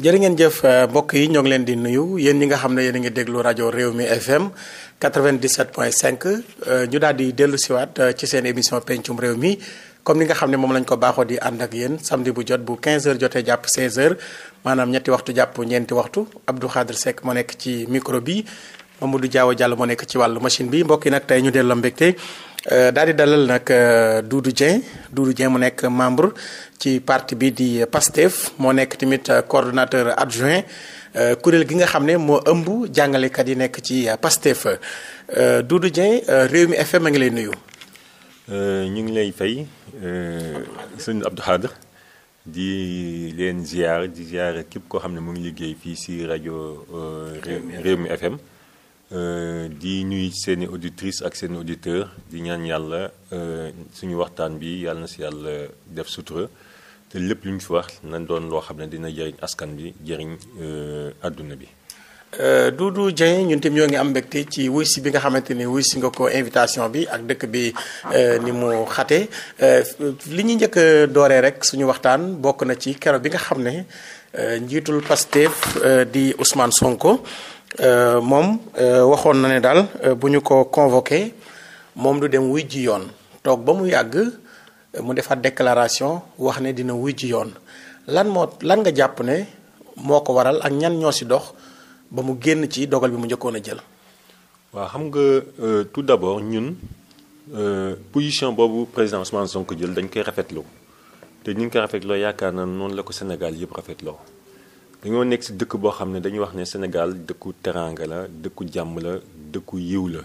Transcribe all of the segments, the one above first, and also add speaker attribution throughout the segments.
Speaker 1: jërë ngeen jëf euh, mbokk yi ñoo ngi leen di nuyu yéen ñi nga xam ne yéen a ngi déglu rajo réew mi FM 97.5 ñu daal di dellu siwaat euh, ci seen émission pencum réew mi comme ni nga xam ne moom lañ ko baaxoo di ànd ak yéen samedi bu jot bu 15h jotee jàpp 16h maanaam ñetti waxtu jàpp ñeenti waxtu Abdou Khadre Seck moo nekk ci micro bi moom Mamadou Diaw Diallo moo nekk ci wàllu machine bi mbokk yi nag tey ñu dellu la mbégte. Euh, daal di dalal nag euh, Doudou Dieng Doudou Dieng mu nekk membre ci parti bi di PASTEF moo nekk tamit euh, coordonnateur adjoint kuréel gi nga xam ne moo ëmb jàngalekat yi nekk ci PASTEF Doudou réew mi FM a ngi lay nuyu. ñu ngi lay fay
Speaker 2: sëñ Abdou Khadre di leen ziar di ziar képp koo xam ne mu ngi liggéey fii si rajo mi FM. Euh, di ñuy seeni auditrice ak seeni auditeur di ñaan yàlla euh, suñu waxtaan bi yàlla na si yàlla def sutura te lépp luñ ñu fi wax na doon loo xam ne dina jëriñ askan bi jëriñ àdduna
Speaker 1: euh, bi Doudou Dieng ñun tam ñoo ngi am mbégte ci wuy si bi nga xamante ni wuy si nga ko invitation bi ak dëkk bi ni mu xate li ñuy njëkk a dooree rek suñu waxtaan bokk na ci kero bi nga xam ne njiitul Pastef di Ousmane Sonko Euh, moom euh, waxoon na ne daal euh, bu ñu ko convoqué moom du dem wuy ji yoon toog ba mu yàgg mu defaat déclaration wax ne dina wuy ji yoon lan moo lan nga jàpp ne moo ko waral ak ñan ñoo si dox ba mu génn ci dogal bi mu njëkkoon a jël.
Speaker 2: waaw xam nga tout d'abord ñun position boobu président Ousmane Sonko jël dañ koy rafetloo te ñu ngi koy rafetloo yaakaar na noonu la ko Sénégal yëpp rafetloo. dañoo nekk si dëkk boo xam ne dañuy wax ne Sénégal dëkku teranga la dëkku jàmm la dëkku yiw la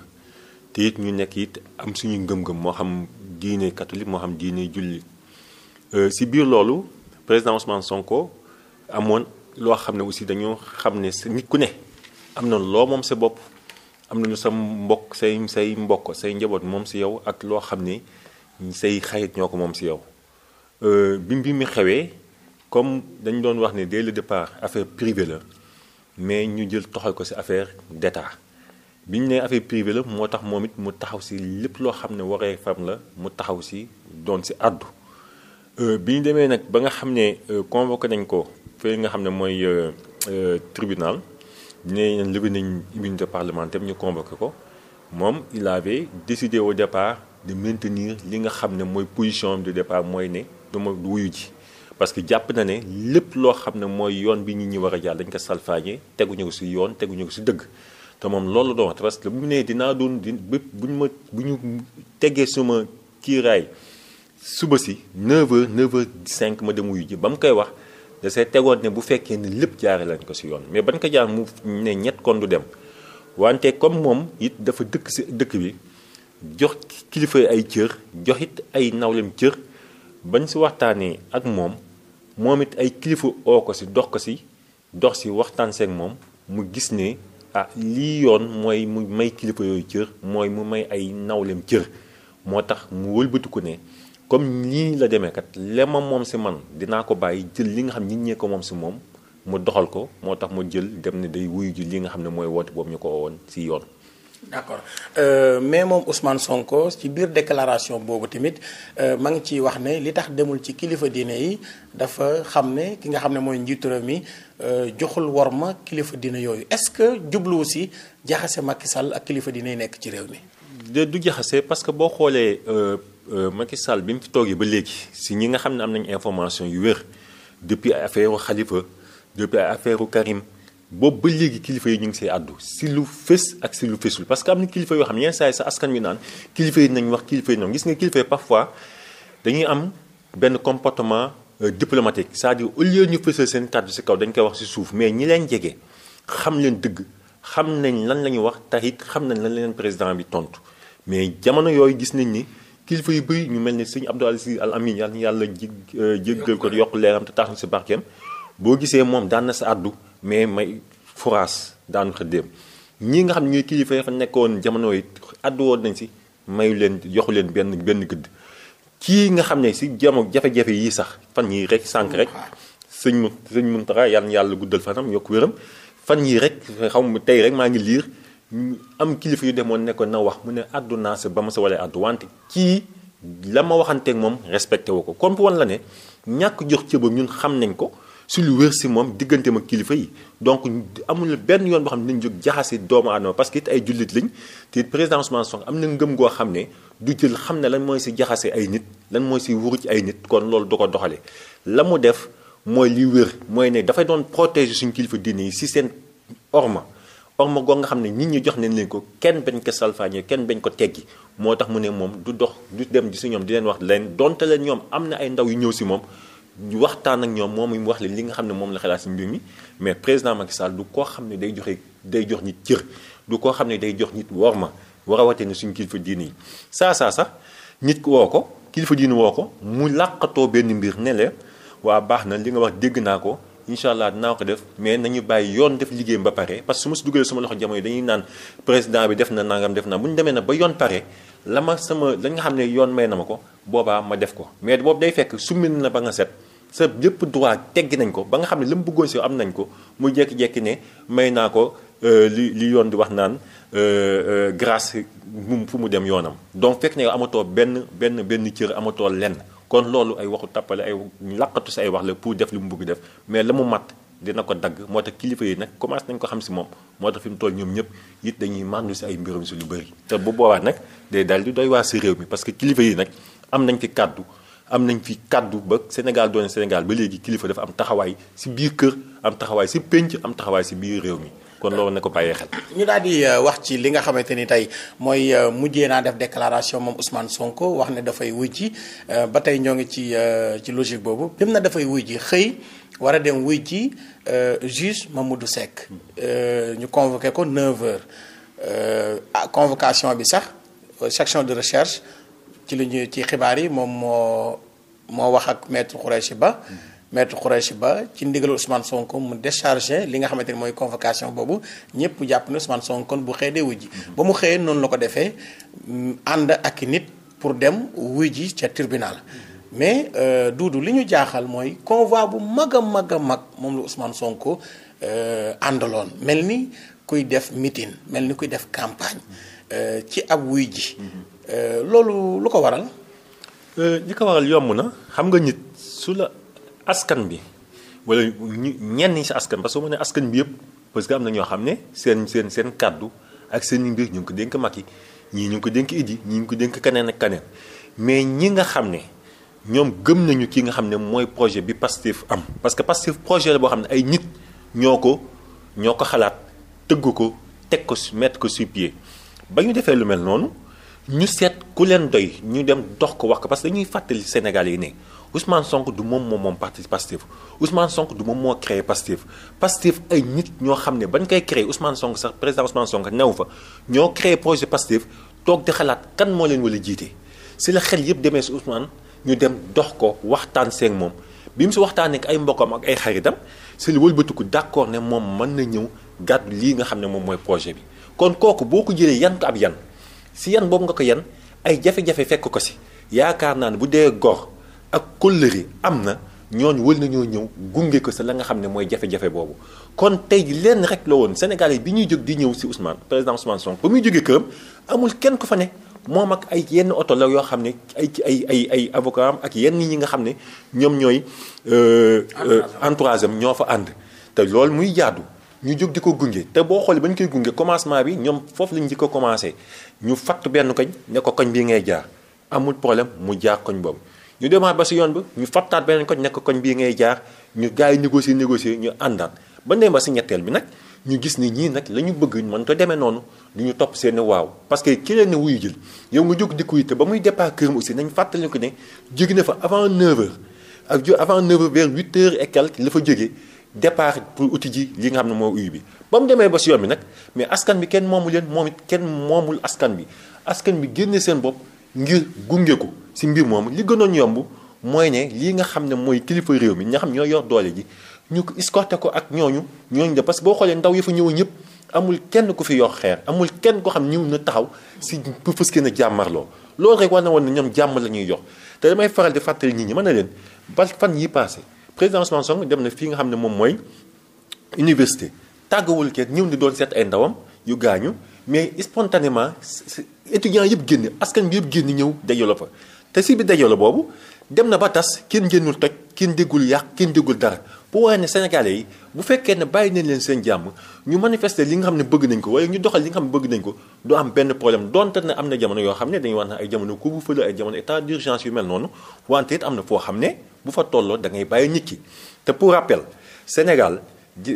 Speaker 2: te it ñu nekk it am suñu ngëm-ngëm moo xam diine catholique moo xam diine julli si euh, biir loolu président Ousmane Sonko amoon loo xam ne aussi dañoo xam ne sa nit ku ne am na loo moom sa bopp am na lu sa mbokk say say mbokk say njaboot moom si yow ak loo xam ne say xarit ñoo ko moom si yow euh, bi bi mu xewee. comme dañu doon wax ni dès le départ affaire privée la mais ñu jël toxal ko ci affaire d'État bi ñu nee affaire privée la moo tax moom it mu taxaw ci lépp loo xam ne waree fam la mu taxaw si doon ci àddu euh, bi ñu demee nag ba nga xam ne euh, convoqué nañ ko fee nga xam ne mooy euh, tribunal nee nañ levé nañ immunité parlementaire ñu convoqué ko moom il avait décidé au départ de maintenir li nga xam ne mooy position du départ mooy ne dama wuyu ji. parce que jàpp na ne lépp loo xam ne mooy yoon bi ñu ñi war a jaar dañ ko salfaañe teguñu ko si yoon teguñu ko si dëgg te moom loolu doon parce bu mu nee dinaa doon di bépp bu ñu ma bu ñu tegee suma kiiraay suba si 9h h ma dem wuyu ji ba mu koy wax da tegoon ne bu fekkee ne lépp jaare lañ ko si yoon mais bañ ko jaar mu ne ñett kon du dem wante comme moom it dafa dëkk si dëkk bi jox kilifa ay cër jox it ay nawlem cër bañ si waxtaanee ak moom moom it ay kilifa oo ko si dox ko si dox si waxtaan seeg moom mu gis ne ah lii yoon mooy mu may kilifa yooyu cër mooy mu may ay nawleem cër moo tax mu wëlbatiku ne comme nii la demee kat lema moom si man dinaa ko bàyyi jël li nga xam nit ñee ko moom si moom
Speaker 1: mu doxal ko moo tax mu jël dem ne day wuyu ji li nga xam ne mooy woote boobu ñu ko woon si yoon d' accord euh, mais moom Ousmane Sonko ci biir déclaration boobu tamit euh, ma ngi ciy wax ne li tax demul ci kilifa dina yi dafa xam ne ki nga xam ne mooy njiitu réew mi euh, joxul ma kilifa dina yooyu est ce que jubluwu si jaxase Macky Sall ak kilifa diine yi nekk ci réew mi.
Speaker 2: du jaxase parce que boo xoolee euh, Macky Sall bi mu fi toogee ba léegi si ñi nga xam ne am nañu information yu wér depuis ay affaire xalifa depuis ay affaire Karim. boobu ba léegi kilifa yi ñu ngi see àddu si lu fës ak si lu fësul parce que am na kilifa yoo xam ne yenn saa yi sa askan wi naan kilifa yi nañu wax kilifa yi noonu gis nga kilifa yi parfois dañuy am benn comportement euh, diplomatique c'est-à-dire ñu fësal seen kàddu si kaw dañ koy wax si suuf mais ñi leen jege xam leen dëgg xam nañ lan la ñuy wax taxit xam nañ lan leen président bi tontu mais jamono yooyu gis nañ ni kilifa yu bëri ñu mel ni sëñ Abdou Aziz Sy Al Amine yàlla yàlla euh, jéggal ko yokk leeram te tax si barkeem boo gisee moom daan na sa àddu mais may foraas daanu xëddeem ñi nga xam ne ñuy kilifa fa nekkoon jamono it àddu woon nañ si mayu leen yoxu leen benn benn gëdd kii nga xam ne si jamo jafe-jafe yi sax fan yi rek sànq rek sëñ mu sëñ Muntaxa yàlla yàlla guddal fanam yokk wéram fan yi rek xaw tey rek maa ngi liir am kilifa yu demoon nekkoon na wax mu ne àddu naa ba ma sa walee àddu wante kii la ma waxanteeg moom respecté wu ko kon wan la ne ñàkk jox cëbam ñun xam nañ ko si lu wér si moom diggante ma kilifa yi donc amul benn yoon boo xam ne nañ jóg jaxase doomu aadama parce que ay jullit lañ te it président Ousmane Sonko am goo xam ne du jël xam ne lan mooy si jaxase ay nit lan mooy si wuru ci ay nit kon loolu du ko doxale la mu def mooy li wér mooy ne dafay doon protéger suñu kilifa diine yi si seen orma orma goo nga xam ne nit ñi jox nañ leen ko kenn bañ ko salfaañee kenn bañ ko teggi moo tax mu ne moom du dox du dem di si ñoom di leen wax leen donte leen ñoom am na ay ndaw yu ñëw si moom waxtaan ak ñoom moom mu wax leen li nga xam ne moom la xalaat si mbir mi mais président Macky Sall du koo xam ne day joxe day jox nit cër du koo xam ne day jox nit war a wate suñu kilifa diine yi saa saa sax nit woo ko kilifa diine woo ko mu làqatoo benn mbir ne la waa baax na li nga wax dégg naa ko incha allah dinaa ko def mais nañu bàyyi yoon def liggéeyam ba pare parce que su ma si dugalee suma loxo jamono yi dañuy naan président bi def na nangam def na bu ñu demee na ba yoon pare la ma sama la nga xam ne yoon may na ma ko boobaa ma def ko mais boobu day fekk summin na ba nga set sa lépp droit teggi nañ ko ba nga xam ne li mu bëggoon si am nañ ko mu jékki-jékki ne may naa ko euh, li li yoon di wax naan euh, euh, grâce mum fu mu dem yoonam. donc fekk ne amatoo benn benn benn cër amatoo lenn kon loolu ay waxu tappale ay laqatu si ay wax la pour def li mu bëgg def mais la mu mat. dina ko dagg moo tax kilifa yi nag commencé nañ ko xam si moom moo tax fi mu ñoom ñëpp it dañuy màndu si ay mbiram si lu bëri te bu boobaa nag day daal di doy waa si réew mi parce que kilifa yi nag am nañ fi kàddu am nañ fi kàddu ba Sénégal doon Sénégal ba léegi kilifa dafa am taxawaay si biir kër am taxawaay si pénc am taxawaay si biir réew mi kon loolu ne ko bàyyee xel.
Speaker 1: ñu daal di euh, wax ci li nga xamante ni tey mooy euh, mujjee naa def déclaration moom Ousmane Sonko wax ne dafay wuy ji euh, ba tey ñoo ngi ci ci logique boobu bim na dafay wuy ji xëy. war a dem wuy ji juge Mamadou Seck ñu convoqué ko 9 heures ah, convocation bi sax section de recherche ci li ñu ci xibaar yi moom moo moo wax ak maître Khoureychi Ba. maître Khoureychi Ba ci ndigal Ousmane Sonko mu déchargé li nga xamante ni mooy convocation boobu ñëpp jàpp na Ousmane Sonko bu xëy de wuy ji ba mu xëyee noonu la ko defee mm, ànd ak nit pour dem wuy ji ca tribunal. mais euh, duudu li ñu jaaxal mooy convoi bu mag a mag a mag moom la Ousmane Sonko euh, àndaloon mel ni kuy def mitin mel ni kuy def campagne euh, ci ab wuy ji. Euh, loolu lu ko waral. Euh, li ko
Speaker 2: waral yomb na xam nga nit su la askan bi wala ñenn ñi si askan parce que mu ne askan bi yëpp parce que am na ñoo xam ne seen seen seen kàddu ak seen mbir ñu ngi ko dénk mag yi ñii ñu ngi ko dénk Idi ñu ngi ko dénk keneen ak keneen mais ñi nga xam ne ñoom gëm nañu ki nga xam ne mooy projet bi Pastef am parce que Pastef projet la boo xam ne ay nit ñoo ko ñoo ko xalaat tëgg ko teg ko mettre ko sur pied ba ñu defee lu mel noonu. ñu seet ku leen doy ñu dem dox ko wax ko parce que dañuy fàttali sénégal yi ne Ousmane sonk du moom moom moom parti Pastef Ousmane Sonko du moom moo créé Pastef Pastef ay nit ñoo xam ne bañ koy créé Ousmane Sonko sax président Ousmane Sonko new fa ñoo créé projet Pastef toog di xalaat kan moo leen wala jiite si la xel yëpp demee si Ousmane ñu dem dox ko waxtaan seeg moom bi mu si waxtaanee ak ay mbokkam ak ay xaritam si la wëlbatiku d'accord ne moom mën na ñëw gàddu lii nga xam ne moom mooy projet bi kon kooku boo ko jëlee yan ko yan. si yan boobu nga ko yan ay jafe-jafe fekk ko si yaakaar naa ne bu dee gor ak kóllëre am na ñooñu wël nañoo ñëw gunge ko sa la nga xam ne mooy jafe-jafe boobu kon tey ji lenn rek la woon Sénégal bi ñuy jóg di ñëw si Ousmane président Ousmane Sonko ba muy jógee këram amul kenn ku fa ne moom ak ay yenn oto la yoo xam ne ay ay ay ay avocat ak yenn ñi nga xam ne ñoom ñooy euh, euh, entourage am ñoo fa ànd te loolu muy jaadu ñu jóg di ko gunge te boo xoolee ba ñu koy gunge commencement bi ñoom foofu lañu di ko commencé ñu fatt benn koñ ne koñ bii ngay jaar amul problème mu jaar koñ boobu. ñu demaat ba si yoon ba ñu fattaat beneen koñ ne koñ bii ngay jaar ñu gars yi négocier négocier ñu àndaat ba nee ba si ñetteel bi nag ñu gis ni ñii nag la ñu bëgg mën ta demee noonu lu ñu topp seen waaw parce que ki leen wuy wuyu jël yow nga jóg di ko te ba muy départ këram aussi nañ fàttali ko ne jóge ne fa avant 9 ak ju avant 9h vers 8h et la fa jógee. départ pour uti ji li nga xam ne moo uyu bi ba mu demee ba si yoon bi nag mais askan bi kenn moomu leen moom it kenn moomul askan bi askan bi génne seen bopp ngir gunge ko si mbir moomu li gënoon yomb mooy ne lii nga xam ne mooy kilifa réew mi nga xam ñoo yor doole ji ñu ko escorté ko ak ñooñu ñooñu de parce que boo xoolee ndaw yi fa ñëwoon ñëpp amul kenn ku fi yor xeer amul kenn ko xam ñëw na taxaw si pour fës kenn jàmmarloo loolu rek war na woon ne ñoom jàmm la ñuy jox te damay faral di fàttali ñi mën na leen ba fan yi passé président Ousmane Sonko dem na fi nga xam ne moom mooy université tàggawul kenn ñëw ni doon seet ay ndawam yu gaañu mais spontanément étudiants yëpp génn askan bi yëpp génn ñëw dajaloo fa te si bi dajaloo boobu dem na ba tas kenn génnul toj kenn déggul yàq kenn déggul dara bu waaye ne sénégalais yi bu fekkee ne bàyyi nañ leen seen jàmm ñu manifester li nga xam ne bëgg nañ ko wala ñu doxal li nga xam ne bëgg nañ ko du am benn problème donte ne am na jamono yoo xam ne dañuy wax na ay jamono couvre-feu ay jamono état d'urgence yu mel noonu wante it am na foo xam ne bu fa tolloo da ngay bàyyi nit ki te pour rappel Sénégal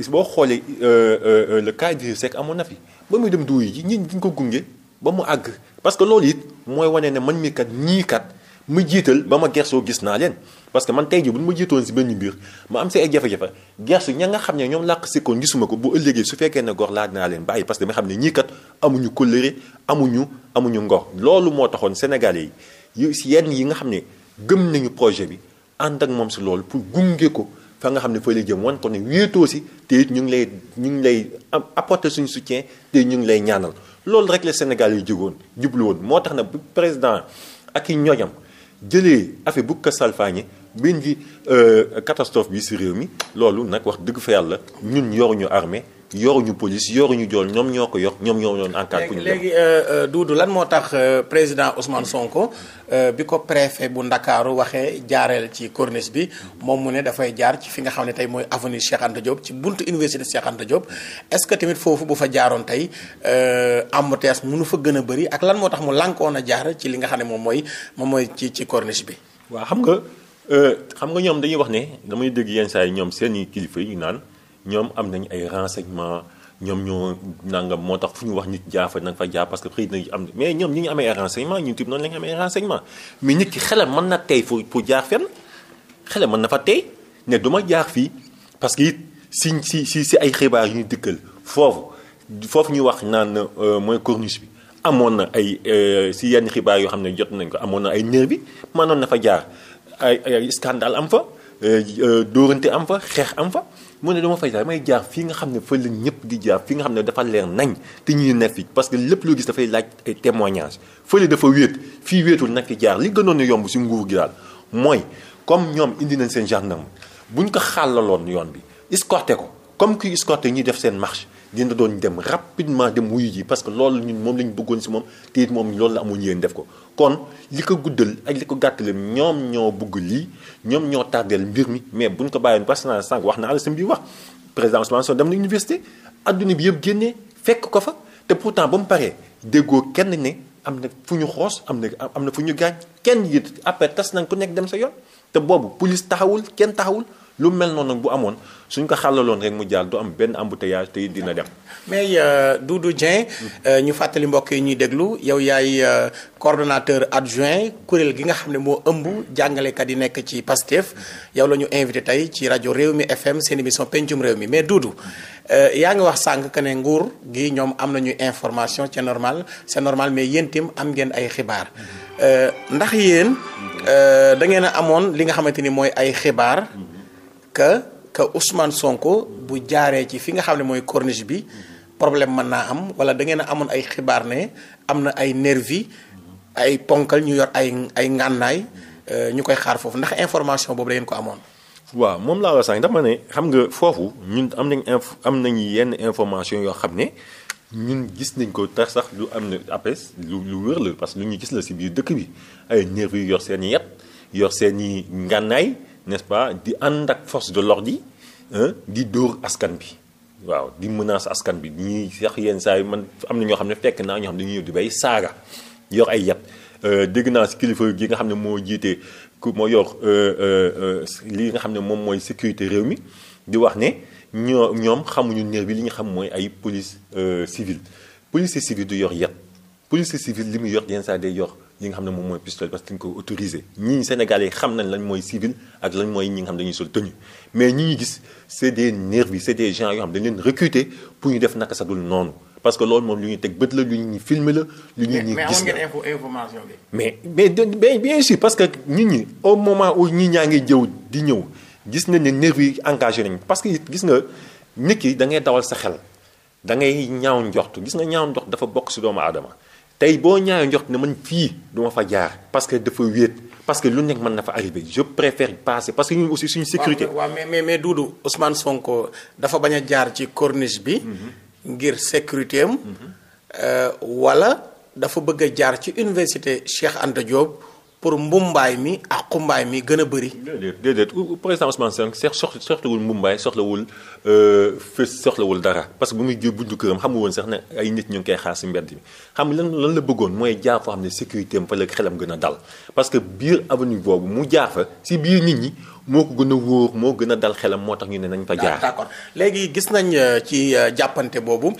Speaker 2: boo xoolee euh, euh, euh, le cas d'Idrissa Seck amoon na fi ba mu dem duuy ji ñi ñu ko gunge ba mu àgg parce que loolu it mooy wane ne man mi kat ñii kat. mu jiital ba ma gersoo gis naa leen parce que man tey jii bu ma jiitoon si benn biir ma am si ay jafe-jafe gersu ña nga xam ne ñoom làq sikkoon gisuma ko bu ëllëgee su fekkee ne gor laa dinaa leen bàyyi parce que dama xam ne ñii kat amuñu kóllëre amuñu amuñu ngor loolu moo taxoon sénégalais yi si yenn yi nga xam ne gëm nañu projet bi ànd ak moom si loolu pour gunge ko fa nga xam ne fa la jëm ko ne wéetoo si te it ñu ngi lay ñu ngi lay apporter suñu soutien te ñu ngi lay ñaanal loolu rek la sénégalais yi jógoon moo tax na bu président ak i ñoñam jële affaire bu ko salfaañe bi ngi euh, catastrophe bi si réew mi loolu nag wax dëgg fa yàlla ñun ñu armée yoruñu police yoruñu jool ñoom ñoo ko yor ñoom ñoo doon encadré. pour ñu léegi
Speaker 1: euh, euh, Doudou lan moo tax euh, président Ousmane Sonko bi ko préfet bu Ndakaaru waxee jaareel ci corniche bi moom mu ne dafay jaar ci fi nga xam ne tey mooy avenue Cheikh ci buntu université Cheikh Anta Diop est-ce que tamit foofu bu fa jaaroon tey embouteillage mënu fa gën a bëri ak lan moo tax mu lànkoon a jaar ci li nga xam ne moom mooy moom mooy ci ci corniche bi. waa xam
Speaker 2: nga xam nga ñoom dañuy wax ne damay dégg yenn saa yi ñoom seen i kilifa yi ñu naan. ñoom am nañ ay renseignements ñoom ñoo nangam moo tax fu ñu wax nit jaafa na nga fa jaar parce que xëy na am mais ñoom ñi ñu amee ay renseignements ñun tamit noonu la amee ay mais nit ki xelam mën na tey fu pour jaar fenn xele mën na fa tey ne duma jaar fii parce que it si si si si ay xibaar yu ñu dikkal foofu foofu ñu wax naan euh, mooy corniche bi amoon na ay euh, si yenn xibaar yoo xam ne jot nañ ko amoon na ay néer bi mënoon na fa jaar ay ay scandale am fa euh, dóorante am fa xeex am fa. mu ne dama fay daal may jaar fii nga xam ne fa la ñëpp di jaar fii nga xam ne dafa leer nañ te ñu ne fii parce que lépp loo gis dafay laaj ay témoignage fële dafa wéet fii wéetul nag jaar li gënoon a yomb si nguur gi daal mooy comme ñoom indi nañ seen bu ñu ko xàllaloon yoon bi escorté ko comme kuy escorté ñuy def seen marche dina doon dem rapidement dem wuyu ji parce que loolu ñun moom la ñu bëggoon si moom te it moom loolu la amuñ yéen def ko kon li ko guddal ak li ko gàttalem ñoom ñoo bëgg lii ñoom ñoo tardeel mbir mi mais buñ ko bàyyoon parce que sànq wax naa la sa mbir wax président Ousmane Sonko dem na université adduna bi yëpp génnee fekk ko fa te pourtant ba mu paree déggoo kenn ne am na fu ñu xoos am na am na fu ñu gaañ kenn yit après tas nañ ku nekk dem sa yoon te boobu police taxawul kenn taxawul lu mel noonu nag bu amoon suñ ko xàllaloon rek mu jaar du am benn embouteillage te dina dem.
Speaker 1: mais euh, Doudou Dieng. Euh, ñu fàttali mbokk yi ñuy déglu yow yaay euh, coordonnateur adjoint kuréel gi nga xam ne moo ëmb jàngalekat yi nekk ci Pastef yow la ñu invité tey ci rajo réew mi FM seen émission pencum réew mi mais Doudou yaa ngi wax sànq que ne nguur gi ñoom am nañu information c'est normal c'est normal mais yéen tim am ngeen ay xibaar ndax yéen da ngeen a amoon li nga xamante ni mooy ay xibaar. que que Ousmane Sonko bu jaaree ci fi nga xam ne mooy corniche bi problème mën naa am wala da ngeen amoon ay xibaar ne am na ay nervi ay ponkal ñu yor ay ay ngànnaay euh, ñu koy xaar foofu ndax information boobu da ko amoon. waaw moom laa la sax ma ne xam nga foofu ñun am
Speaker 2: nañ inf am nañu yenn information yoo xam ne ñun gis nañ ko tax sax lu am na apes lu lu wër la parce que lu ñu gis la si biir dëkk bi ay nervi yor seen i yat yor seen i ngànnaay. n'est-ce pas di ànd ak force de l'ordre yi di dóor askan bi waaw di menace askan bi ñuy sax yenn saa yi man am na ñoo xam ne fekk naa ñoo xam ne dañuy ñëw di bay saaga yor ay yat euh, dégg naa si kilifa gi nga xam ne moo jiite ku moo yor euh, euh, li nga xam ne moom mooy sécurité réew mi di wax ne ñoo ñoom xamuñu néer bi li ñu xam mooy ay police civile police civile du yor yat police civile li muy yor yenn saa day yor ñi nga xam ne moom mooy pistolet parce que dañ ko xam nañ lañ mooy civil ak lañ mooy ñi nga xam dañuy mais ñi ñu gis c'est des nervis c'est des gens yoo xam dañ leen recruter pour ñu def naka sa dul noonu parce moom lu ñuy teg bët la lu ñuy filmer la. lu bi. mais mais bien sûr parce que nit ñi au moment u ñi ñaa ngi jëw di ñëw gis nañ ne nervis yi engagé nañ parce que gis nga nit ki da ngay dawal sa xel da ngay ñaaw njort gis nga ñaaw njort dafa bokk si doomu aadama. tey boo ñaaw njort ne man fii du ma fa jaar parce que dafa wéet parce que lu nekk mën na fa arrivé je préfère passer parce que ñun aussi suñu sécurité. waaw
Speaker 1: mais mais mais Doudou Ousmane Sonko dafa bañ a jaar ci corniche bi. Mhm. ngir sécurité am. Mhm. Euh, wala dafa bëgg a jaar ci université Cheikh Anta Diop. pour mbaay mi ak xumbaay mi gën a bëri.
Speaker 2: déedéet déedéet président Ousmane Sonko soxlawul mbumbaay soxlawul euh, fi soxlawul dara parce que bu muy jur buntu këram woon sax ne ay nit ñu ngi koy xaar si mbedd xam lan lan la bëggoon mooy jaar foo ne sécurité am fa la xelam gën a dal parce que biir avenue boobu mu jaar
Speaker 1: si biir nit ñi moo ko gën a wóor moo gën a dal xelam moo tax ñu ne nañ fa jaar. d'accord léegi gis nañ euh, ci euh, jàppante boobu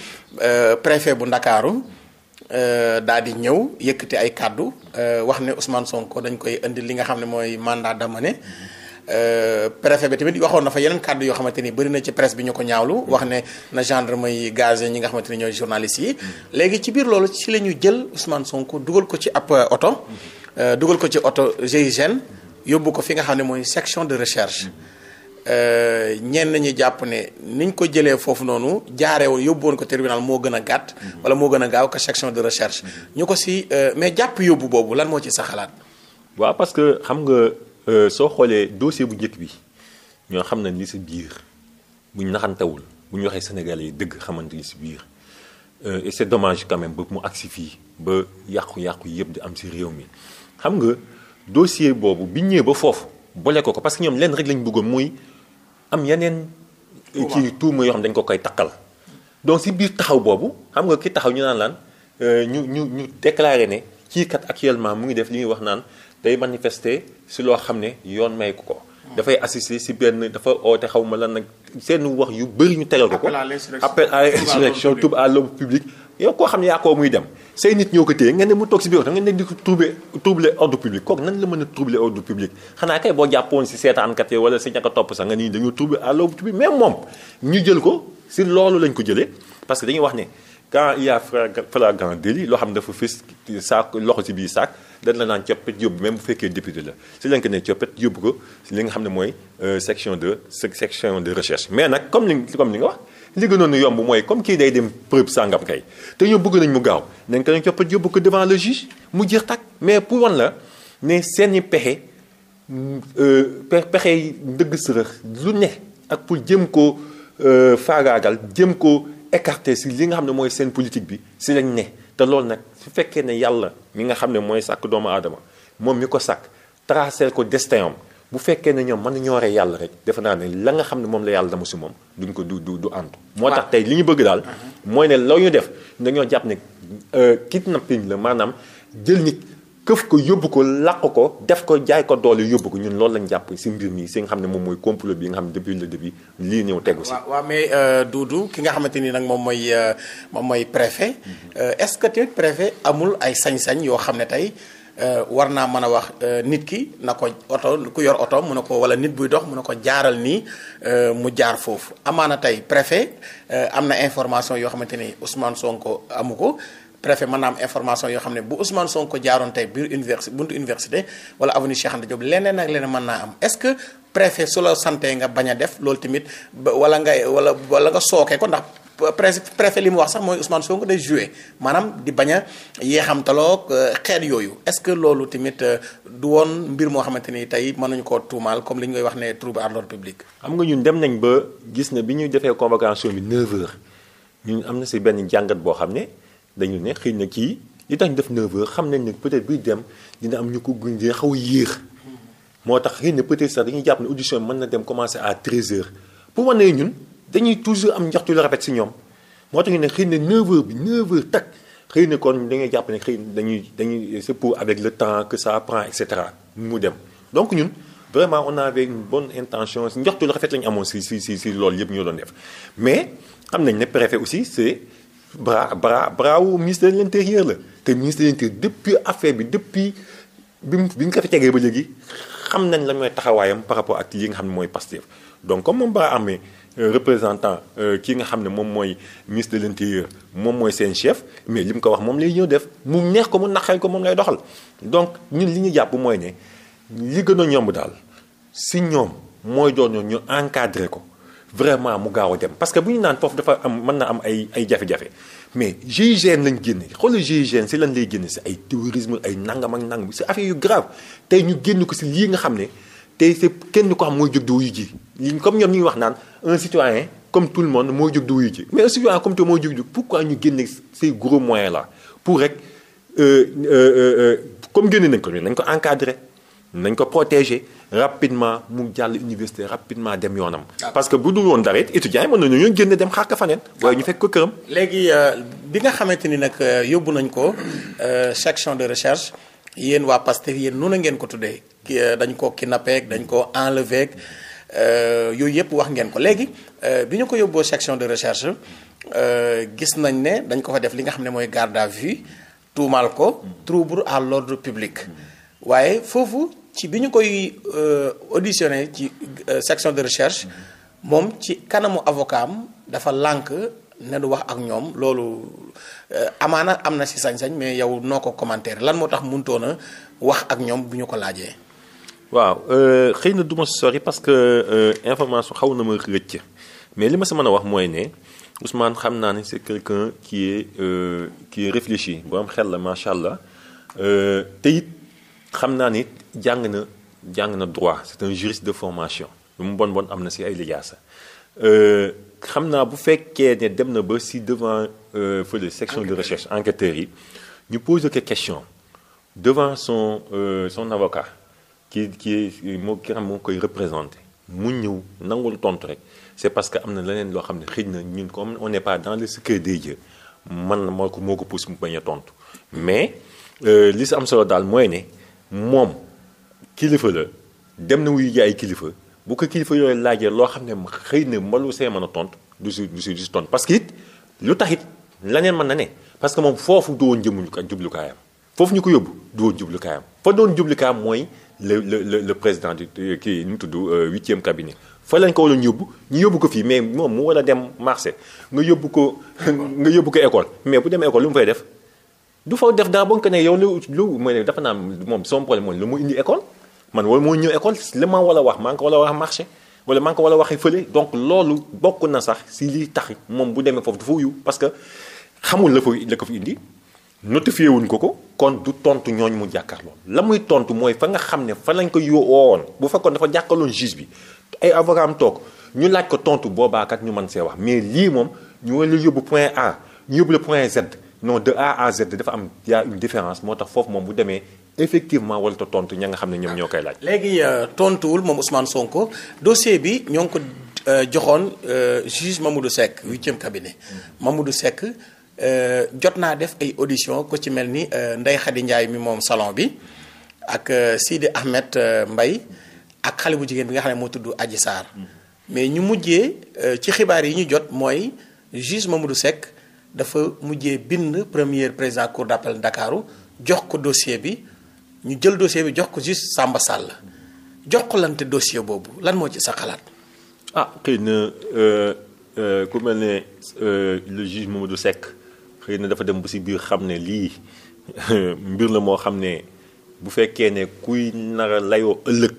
Speaker 1: préfet bu Ndakaaru. Euh, daal di ñëw yëkkati ay kàddu euh, wax ne Ousmane Sonko dañ koy indi li nga xam ne mooy mandat ne euh, préfet bi tamit waxoon na fa yeneen kàddu yoo xamante ni bëri na ci presse bi ñu ko ñaawlu wax ne na gendarme yi gazé ñi nga xamante ni ñooy journalistes yi léegi ci biir loolu ci la ñu jël Ousmane Sonko dugal ko ci ab oto dugal ko ci oto GIGN yóbbu ko fi nga xam ne mooy section de recherche Euh, ñenn ñi jàpp ne niñ ko jëlee foofu noonu jaareewoon yóbbu woon ko tribunal moo gën a gàtt. Mhm. wala moo gën a gaaw que section de recherche. Mhm. ñu ko si euh, mais jàpp yóbbu boobu lan moo ci sa xalaat. waaw parce que xam nga
Speaker 2: euh, soo xoolee dossier bu njëkk bi ñoo xam ne li si biir buñ naxantewul bu ñu waxee sénégal yi dëgg xamante li si biir. et c'est domage quand ba mu agsi fii ba yàqu-yàqu yëpp di am si réew mi xam nga dossier boobu bi ñëwee ba foofu boole ko ko parce que ñoom leen rek lañ bëggoon mooy. am yeneen. ci tuuma yoo xam dañ ko koy takkal. donc si biir taxaw boobu xam nga ki taxaw ñu naan laan euh, ñu ñu ñu déclaré ne kii kat actuellement mu ngi def li ñuy wax naan day manifester si loo xam ne yoon may ko hmm. dafay assister si benn dafa oote xaw ma lan nag seen wax yu bëri ñu tegal ko ko. appel à l' insurrection tout à l' homme public yow koo xam ne yaa koo muy dem say nit ñoo ko téye ngeen ne mu toog si biir oto ne di ko troubler troubler a troubler ordre public xanaa kay boo jàppoon si seetaankat yow wala si ñaka topp sax nga nii dañoo troubler mais moom ñu jël ko si loolu lañ ko jëlee parce que dañuy wax ne quand a délit loo xam ne dafa fis saak loxo si biir saak dañ naan coppet yóbbu même bu fekkee député la si lañ ko ne coppet yóbbu ko li nga xam ne mooy euh, section de section de recherche mais nag comme li comme li nga wax li gënoon yomb mooy comme kii day dem preuve sàngam kay te ñoo bëgg nañ mu gaaw nañ ko nañ coppat yóbbu ko devant le juge mu jeex tàkk mais pour wan la ne seeni pexe euh, pexe ndëgg sërëx lu ne ak pour jëm ko euh, faagaagal jëm ko écarter si li nga xam ne mooy seen politique bi si lañ ne te loolu nag su fekkee ne yàlla mi nga xam ne mooy sàkk doomu aadama moom mi ko sàkk tracé ko destin am bu fekkee ne ñoom mën nañoo rey yàlla rek defe naa ne la nga xam ne moom la yàlla dama si moom duñ ko du du du antu moo tax tey li ñu bëgg daal mooy ne loo ñu def dañoo jàpp ne euh, kidnapping la maanaam jël nit këf ko yóbbu ko làq ko def ko jaay ko doole yóbbu ko ñun loolu lañ jàpp si mbir mi si nga xam ne moom mooy complot bi nga xam ne depuis le début lii ñëw tegu si. waaw
Speaker 1: waaw mais euh, Doudou ki nga xamante ni nag moom mooy euh, moom mooy préfet mm-hmm. est-ce que tamit amul ay sañ-sañ yoo xam ne tey. Euh, war naa mën a wax euh, nit ki na ko oto ku yor oto mu ne ko wala nit buy dox mu ne ko jaaral nii euh, mu jaar foofu amaana tey préfet am na information yoo xamante ni Ousmane Sonko amu ko préfet mën am information yoo xam ne bu Ousmane Sonko jaaroon tey biir université buntu université wala avenue Cheikh Anta leneen ak leneen mën naa am est-ce que préfet su la santee nga bañ a def loolu tamit wala nga wala wala nga sookee ko ndax. préfet li mu wax sax mooy Ousmane Sonko day joué maanaam di bañ a yeexam taloog euh, xeet yooyu est-ce que loolu tamit euh, du woon mbir moo xamante ni tey mën nañu koo tuumaal comme li ñu koy wax ne trouble à l'ordre public. xam nga ñun dem nañ ba gis na bi ñu defee convocation
Speaker 2: bi 9 ñu ñun am na si benn jàngat boo xam ne dañu ne xëy na kii li tax ñu def 9 xam nañ ne peut-être buy dem dina am ñu ko gunge xaw a yéex. moo tax xëy na peut-être sax dañuy jàpp ne audition mën na dem commencer à 13h pour mën ñun. dañuy toujours am njoxtu lu rafet si ñoom moo tax ñu ne xëy na 9h bi 9h xëy na kon da ngay jàpp ne xëy dañuy dañuy c'est pour avec le temps que ça prend et cetera mu dem donc ñun vraiment on avait une bonne intention njoxtu lu rafet la ñu amoon si si si si loolu yëpp ñoo doon def mais xam nañ ne préfet aussi c'est bras bras bras wu ministre de l'intérieur la te ministre de l'intérieur depuis affaire bi depuis bi mu bi ñu ko fi tegee ba léegi xam nañ la mooy taxawaayam par rapport ak yi nga xam ne mooy Pastef donc moom bras armé représentant euh, ki nga xam ne moom mooy ministre de l'intérieur moom mooy seen chef mais li mu ko wax moom lay ñëw def mu neex ko mu naqari ko moom lay doxal donc ñun li ñu jàpp mooy ne li gën a ñomb daal si ñoom mooy doon ñu encadré ko vraiment mu gaaw a dem parce que bu ñu naan foofu dafa am mën na am ay ay jafe-jafe mais GIGN lañ génne xoolal GIGN si lan lay génne si ay terrorisme ay nangam ak nangam si affaire yu grave tey ñu génn ko si lii nga xam ne tey c'est kenn ko xam mooy jóg di wuyu ji comme ñoom ñu wax naan un citoyen comme tout le monde moo jóg di wuyu ji mais un citoyen comme tout moo jóg di pourquoi ñu génne ces gros moyens là pour rek euh, euh, euh, comme génne nañ ko nañ ko encadrer nañ ko protéger rapidement mu jàll université rapidement dem yoonam. Ah. parce que bu dul woon dara it étudiants yi mën nañoo génne
Speaker 1: dem xaar ka faneen. waaye ñu ah. fekk ko këram. léegi bi nga xamante ni nag yóbbu nañ ko chaque section de recherche yéen waa Pastef yéen nu na ngeen ko tuddee dañ ko kidnappé dañ ko enlevé. Euh, yooyu yëpp wax ngeen ko léegi euh, bi ñu ko yóbboo section de recherche euh, gis nañ ne dañ ko fa def li nga xam ne mooy garde à vue tuumaal ko trouble à l'ordre public waaye foofu ci bi ñu koy auditionné ci section de recherche moom ci kanamu avocam dafa lànk ne du wax ak ñoom loolu amaana am na si sañ-sañ mais yow noo ko commentaire lan moo tax mënutoon a wax ak ñoom bu ñu ko laajee.
Speaker 2: waaw euh, xëy na du ma sori parce que euh, information xaw na ma rëcc mais li ma si mën a wax mooy ne Ousmane xam naa ne si quelqu'un qui est euh, qui est réfléchi bu am xel la macha allah te it xam naa ni jàng na jàng na droit c'est un juriste de formation lu mu bon bon am na si ay lijaasa xam naa bu fekkee ne dem na ba si devant fële section de recherche enquêteurs yi ñu pose ko question devant son son avocat. ki ki moo ki xam moo koy représenté mu ñëw nangul tontu rek c'est parce que am na leneen loo xam ne xëj na ñu comme on n'est pas dans le secret des dieux man na moo ko moo ko pousse mu a tontu mais euh, li si am solo daal mooy ne moom kilifa la dem na wuyu ji ay kilifa bu ko kilifa yooyu laajee loo xam ne xëy na mbalu see mën a tontu du si du si du si tontu parce que it lu tax it leneen mën na ne parce que moom foofu du woon jëmuñu ko jublukaayam foofu ñu ko yóbbu du woon jublukaayam fa doon jublukaayam mooy. le le président di kii nu mu tudd euh, huitième cabinet fa lañ ko waroon yóbbu ñu yóbbu ko fii mais moom mu war a dem marché nga yóbbu ko nga yóbbu ko école mais bu dem école lu mu fay def du fa def daa bon que ne yow lu lu ma ne dafa naan moom son problème mooy lu mu indi école man wala moo ñëw école li ma war wax maa ngi ko war a wax marché wala maa ngi ko war a fële donc loolu bokk na sax si lii tax moom bu demee foofu du fa wuyu parce que xamul la fa la ko fi indi notifié wuñ ko ko kon du tontu ñooñ mu jàkkaarloo la muy tontu mooy fa nga xam ne fa lañ ko yoo woon bu fekkoon dafa jàkkaarloon juge bi ay avocat am toog ñu laaj ko tontu boobaa kat ñu mën see wax mais lii moom ñu war la yóbbu point A ñu yóbbu la point Z non de A à Z dafa am y une différence moo tax foofu moom bu demee effectivement warut a tontu ña nga xam ne ñoom ñoo koy laaj.
Speaker 1: léegi euh, tontuwul moom Ousmane Sonko dossier bi ñoo ngi ko euh, joxoon euh, juge Mamadou Seck huitième cabinet mm. Mamadou Seck. Euh, jot naa def ay audition ko ci mel ni euh, Ndeye Khady Ndiaye mi moom salon bi ak euh, Sidi Ahmed mbay ak xale bu jigéen bi nga xam ne moo tudd aji Sarr mm-hmm. mais ñu mujjee ci xibaar yi ñu jot mooy juge Mamadou Seck dafa mujjee bind premier président cour d'appel Ndakaaru jox ko dossier bi ñu jël dossier bi jox ko juge Samba Sall jox ko boobu lan moo ci sa xalaat.
Speaker 2: ah xëy na ku xëy dafa dem ba si biir xam ne lii mbir la moo xam ne bu fekkee ne kuy nar a ëllëg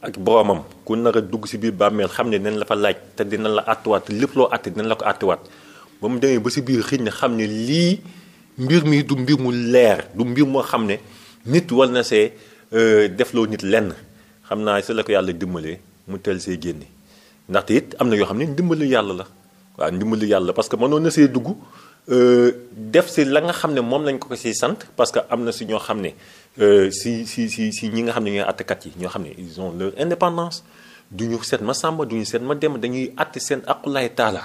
Speaker 2: ak boromam ku nar dugg si biir bàmmeel xam ne dinañ la fa laaj te dina la àttuwaat lépp loo àtte la ko àttuwaat ba mu demee ba si biir xëy na xam ne lii mbir mi du mbir mu leer du mbir moo xam ne nit war na see euh, defloo nit lenn xam naa si la ko yàlla dimbalee mu teel see génne ndaxte it am na yoo xam ne ndimbalu yàlla la waaw ndimbalu yàlla parce que na see dugg. Euh, def si la nga xam ne moom lañ ko ko siy sant parce que am na si ñoo xam ne euh, si si si si ñi nga xam ne ñooy àttekat yi ñoo xam ne ils ont leur indépendance du ñu seet ma sàmba du ñu seet ma dem dañuy àtte seen aqulaay taala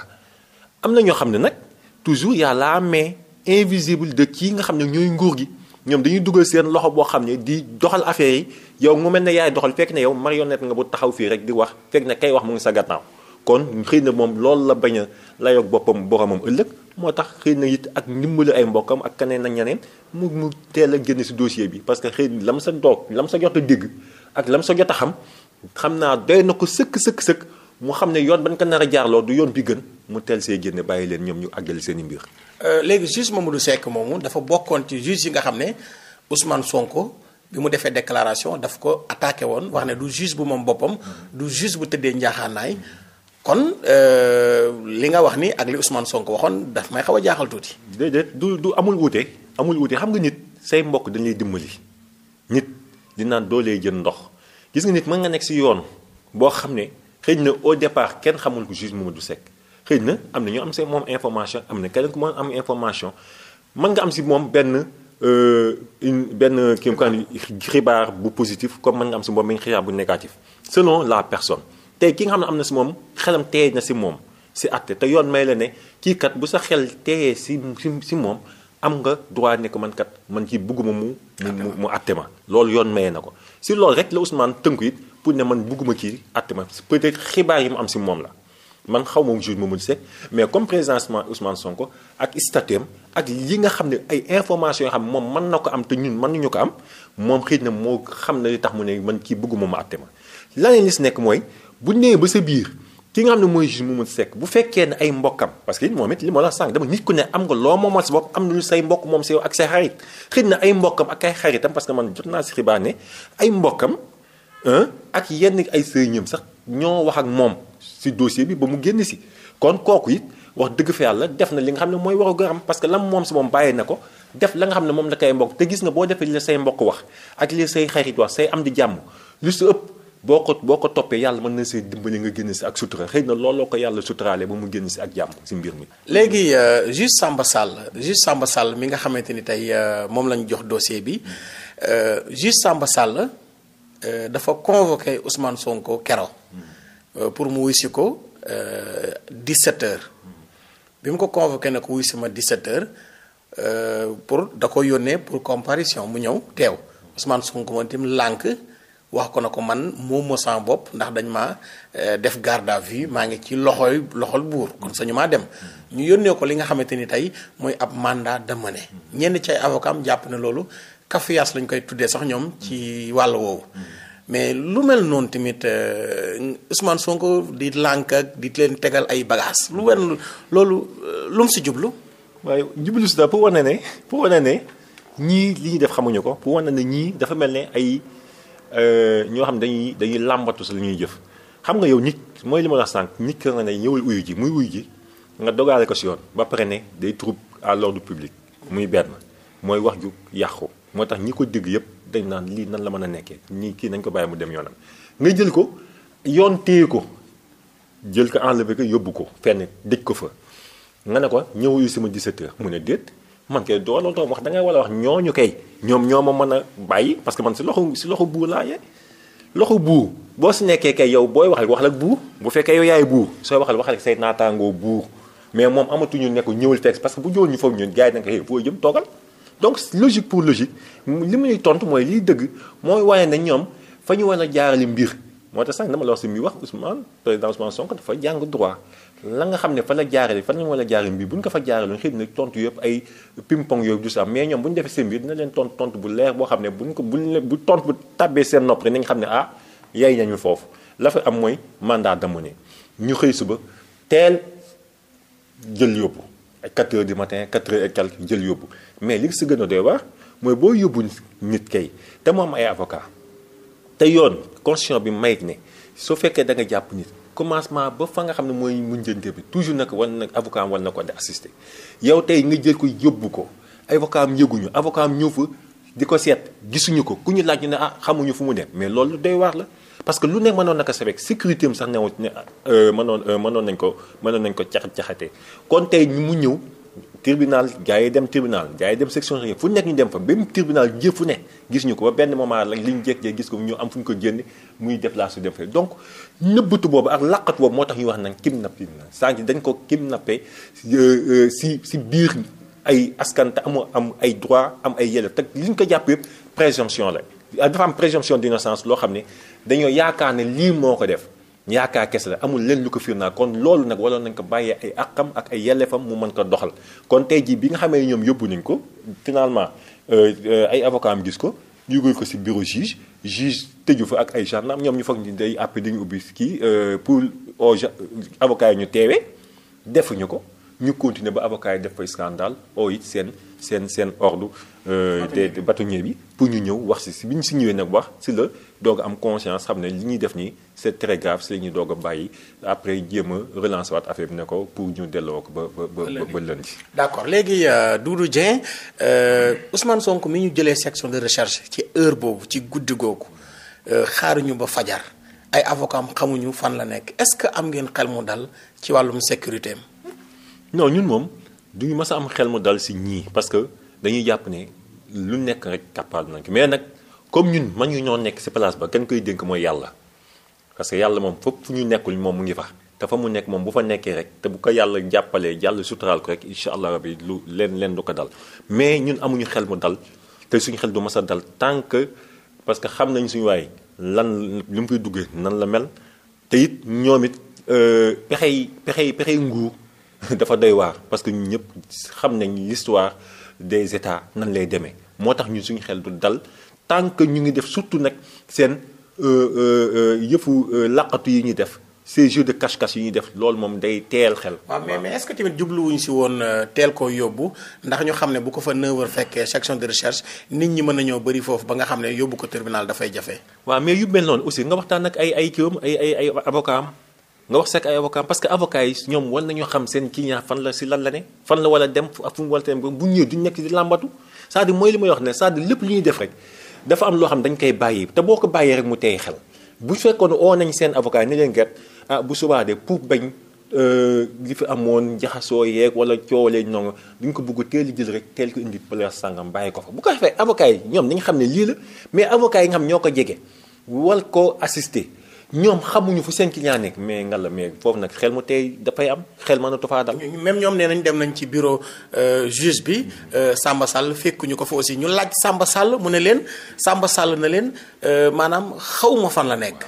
Speaker 2: am na ñoo xam ne nag toujours y a la main invisible de kii nga xam ne ñooy nguur gi ñoom dañuy dugal seen loxo boo xam ne di doxal affaire yi yow mu mel ne yaay doxal fekk ne yow marionnette nga bu taxaw fii rek di wax fekk ne kay wax mu ngi sa gannaaw kon xëy na moom loolu la bañ a layoog boppam boromam ëllëg moo tax xëy na it ak ndimbalu ay mbokkam ak keneen ak ñeneen mu mu teel a génn si dossier bi parce que xëy na lam sa doog lam sa jot a dégg ak lam sa jot a xam xam naa doy na ko sëkk sëkk sëkk mu xam ne yoon ban ko nar a jaarloo du yoon bi gën mu teel see génne bàyyi leen ñoom ñu àggal seen i mbir.
Speaker 1: Euh, léegi juge Mamadou sekk moomu dafa bokkoon ci juge yi nga xam ne Ousmane Sonko. bi mu defee déclaration daf ko attaqué woon wax ne du juge bu moom boppam du juge bu tëddee njaaxaanaay kon euh, li nga wax ni ak li Ousmane Sonko waxoon daf may xaw a jaaxal tuuti. déedéet du du amul wute amul wuute xam nga
Speaker 2: nit say mbokk dañ lay dimbali nit di naan doo lay jël ndox gis nga nit mën nga nekk si yoon boo xam ne xëy na au départ kenn xamul ko juge Mamadou Seck xëy na am na ñoo am seen moom information am na keneen ku mën am information mën nga am si moom benn. Euh, une benn kii xibaar bu positif comme mën nga am si moom benn xibaar bu négatif selon la personne. tey ki nga xam ne am na si moom xelam teey na si moom si àtte te yoon may la ne kii kat bu sa xel teeyee si si si moom am nga droit ne ko man ci bugguma mu mu mu ma loolu yoon mayee na ko si loolu rek la Ousmane tënku pour ne man bugguma kii àtte ma peut-être xibaar yi mu am si moom la man xaw ma juge Mamadou Seck mais comme présentement Ousmane Sonko ak statut am ak yi nga xam ne ay information yoo xam ne moom mën na ko am te ñun nañu ko am moom xëy na moo xam ne li tax mu ne man kii bëgguma mu atte ma laneen li si nekk mooy buñ nee ba sa biir ki nga xam ne mooy juge Mamadou Seck bu fekkee ne ay mbokkam parce que moom it li ma la sànq dama nit ku ne am nga loo moomal sa bopp am nañu say mbokk moom si yow ak say xarit na ay mbokkam ay xaritam parce que man jot naa si xibaar ne ay mbokkam ak yenn ay sëriñam sax ñoo wax ak moom si dossier bi ba mu génn si kon kooku it wax dëgg fa yàlla def na li nga xam ne mooy waru garam parce que lam moom si moom bàyyi na ko def la nga xam ne moom la koy mbokk te gis nga boo defee li say mbokk wax ak li say xarit wax say am di jàmm lu si ëpp boo ko boo ko toppee yàlla mën na see dimbali nga génn si ak sutura xëy na looloo ko yàlla suturaale ba mu génn si ak jàmm si mbir mi.
Speaker 1: léegi euh, juge Samba Sall juge Samba Sall mi nga xamante ni tey euh, moom lañu jox dossier bi euh, juge Samba Sall dafa convoqué Ousmane Sonko kero mm. pour mu si ko 17h. Mm. bi mu ko convoqué nag wuysi ma 17h. pour da ko yónnee pour comparution mu ñëw teew Ousmane Sonko moom itam lànk wax ko na ko man moom sama bopp ndax dañ ma eh, def garde à vue maa ngi ci loxoy loxol buur kon sañu maa dem ñu yónnee ko li nga xamante ni tey mooy ab mandat d'amener ñenn ca ay am jàpp ne loolu kafuyaas lañ koy tuddee sax ñoom ci wàll woowu mais lu mel noonu tamit eh, Ousmane Sonko di lànk ak di leen tegal ay bagages lu wenn loolu eh, lu mu si jublu waaye jublu si daal pour wane ne pour wane ne
Speaker 2: ñii li ñuy def xamuñu ko pour wane ne ñii dafa mel ne ay Euh, ñoo xam dañuy dañuy làmbatu si li ñuy jëf xam nga yow nit mooy li ma sànq nit ki nga ne ñëwul uyu ji muy uyu ji nga dogaale ko si yoon ba pare ne day trouble à l'ordre public muy benn mooy wax ju yàqu moo tax ñi ko dégg yëpp dañ naan lii nan la mën a nekkee ñii kii nañ ko bàyyi mu dem yoonam nga jël ko yoon téye ko jël ko enlever ko yóbbu ko fenn dëj ko fa nga ne ko ñëw uyu si ma 17 mu ne déet man kay doo loolu tam wax da nga war a wax ñooñu kay ñoom ñoo ma mën a bàyyi parce que man si loxo si loxo buur laa yee loxo buur boo si nekkee kay yow booy waxal waxal ak buur bu fekkee yow yaay buur sooy waxal waxal ak say naataangoo buur mais moom amatuñu nekk ñëwul texte parce que bu joon ñu foofu ñun gars yi danga ko foo jëm toogal donc logique pour logique li muy tontu mooy liy dëgg mooy wane ne ñoom fa ñu war a jaarale mbir moo tax sax dama la wax si mi wax Ousmane président Ousmane Sonko dafa jàng droit la nga xam ne fa la jaarale fan lañu war a jaarale mbir bu ñu ko fa jaaraloon xëy na tontu yëpp ay ping pong yooyu du sax mais ñoom bu ñu defee seen mbir dina leen tontu tontu bu leer boo xam ne bu ñu ko bu seen nopp rek nañ xam ne ah yay foofu la fa am mooy mandat d'amener ñu xëy suba teel jël yóbbu ay 4 heures matin 4 heures et quelques mais li si gën a doy waar mooy boo yóbbu nit kay te mu am ay avocat te yoon constitution bi may ne soo fekkee da nga jàpp nit commencement ba fa nga xam ne mooy mujjante bi toujours nag war nag avocat am war na ko di assister yow tey nga jël ko yóbbu ko avocat am yëguñu avocat ñëw fa di ko seet gisuñu ko ku ñu laaj ne ah xamuñu fu mu ne mais loolu doy waar la parce que lu ne mënoon na ko sebek sécurité am sax newoon ne euh, mënoon euh, mënoon nañ ko mënoon nañ ko caxat caxate kon tey mu ñëw tribunal gars yi dem tribunal jaaye dem section réer fu nekk ñu dem fa même tribunal jëf fu ne gis ñu ko ba benn moment la li ñu jékki-jékki gis ko ñu am fu ko génne muy déplacé dem fa donc nëbbatu boobu ak laqat boobu moo tax ñuy wax naan kidnapping la sànq dañ ko kidnappé euh, euh, si si biir ay askan te am ay droit am ay yelleef te li ko jàpp yëpp présomption la dafa am présomption d'innocence loo xam ne dañoo yaakaar ne lii moo ko def. yaakaar kese la amul leen lu ko fiir naa kon loolu nag waroon nañ ko bàyyee ay àqam ak ay yelleefam mu mën ko doxal kon tey jii bi nga xamee ñoom yóbbu nañ ko finalement euh, euh, ay avocat am gis ko yóbbu ko si bureau juge juge tëju fa ak ay gendarme ñoom ñu fag ni day àpp dañu ubbi kii euh, pour au avocat yi ñu teewee defuñu ko. ñu continuer ba avocat yi def fay scandale oo it seen seen seen ordre de euh, bâtonnier bi pour ñu ñëw wax si si bi si ñëwee nag wax si la doog am conscience xam ne li ñuy def nii c'est très grave si la doog a bàyyi après jéem a relancer waat affaire bi ne ko pour ñu delloo ko ba ba ba ba lundi.
Speaker 1: d'accord léegi euh, Doudou Dieng euh, Ousmane sonk mi ñu jëlee section de recherche ci heure boobu ci guddi googu xaaruñu ba fajar ay avocat am xamuñu fan la nekk est-ce que am ngeen xel mu dal ci wàllum sécurité am non ñun moom du ñu a am xel mu dal si ñii parce que dañuy jàpp ne
Speaker 2: lu nekk rek capable nañ mais nag comme ñun man ñoo nekk si place ba kenn koy dénk mooy yàlla parce que yàlla moom fépp ñu nekkul moom mu ngi fa te fa mu nekk moom bu fa nekkee rek te bu ko yàlla jàppalee yàlla suturaal ko rek incha allah rabi lu leen leen du ko dal mais ñun amuñu xel mu dal te suñ xel du mës a dal tant que parce que xam nañ suñu waay lan lu mu koy duggee nan la mel te it ñoom it pexey euh, pexey pexey nguur dafa doy waar parce que ñun ñëpp xam nañ l'histoire des états nan lay demee moo tax ñu suñu xel du dal tant que ñu ngi def surtout nag seen euh, euh, euh, yëfu laqatu yi ñu def ces jeux de cache-cache yi ñuy def loolu moom day teel xel. waaw mais mais est-ce
Speaker 1: que tamit jubluwuñ si woon teel ko yóbbu ndax ñu xam ne bu ko fa 9h fekkee section de recherche nit ñi mën na ñëw bëri foofu ba nga xam ne yóbbu ko tribunal dafay jafe.
Speaker 2: waa mais yu mel noonu aussi nga waxtaan ak ay ay kiwam ay ay ay avocat nga wax seek ay avocat parce que avocat yi ñoom war nañoo xam seen client fan la si lan la ne fan la war a dem fu mu war a dem bu ñu duñ nekk di làmbatu cest mooy li may wax ne cest lépp li ñuy def rek dafa am loo xam ne dañ koy bàyyi te boo ko bàyyee rek mu tey xel bu fekkoon oo nañ seen avocat ni leen gert ah bu subaa de pour bañ euh, li fi amoon jaxasoo yeeg wala coowalee noonu duñ ko bëgg teel a jël rek teel ko indi place sangam bàyyi ko fa bu ko defee avocat yi ñoom dañ xam ne lii la mais avocat yi nga xam ñoo ko jege war koo assister
Speaker 1: ñoom xamuñu fu seen client mais nga la mais foofu nag xel mu tey dafay am xel mën na tufaa dal même ñoom nee nañ dem nañ ci bureau euh, juge bi euh, Samba Sall fekkuñu ko fa aussi ñu laaj sàmba sàll mu ne leen sàmba Sall na leen euh, maanaam xawuma fan la nekk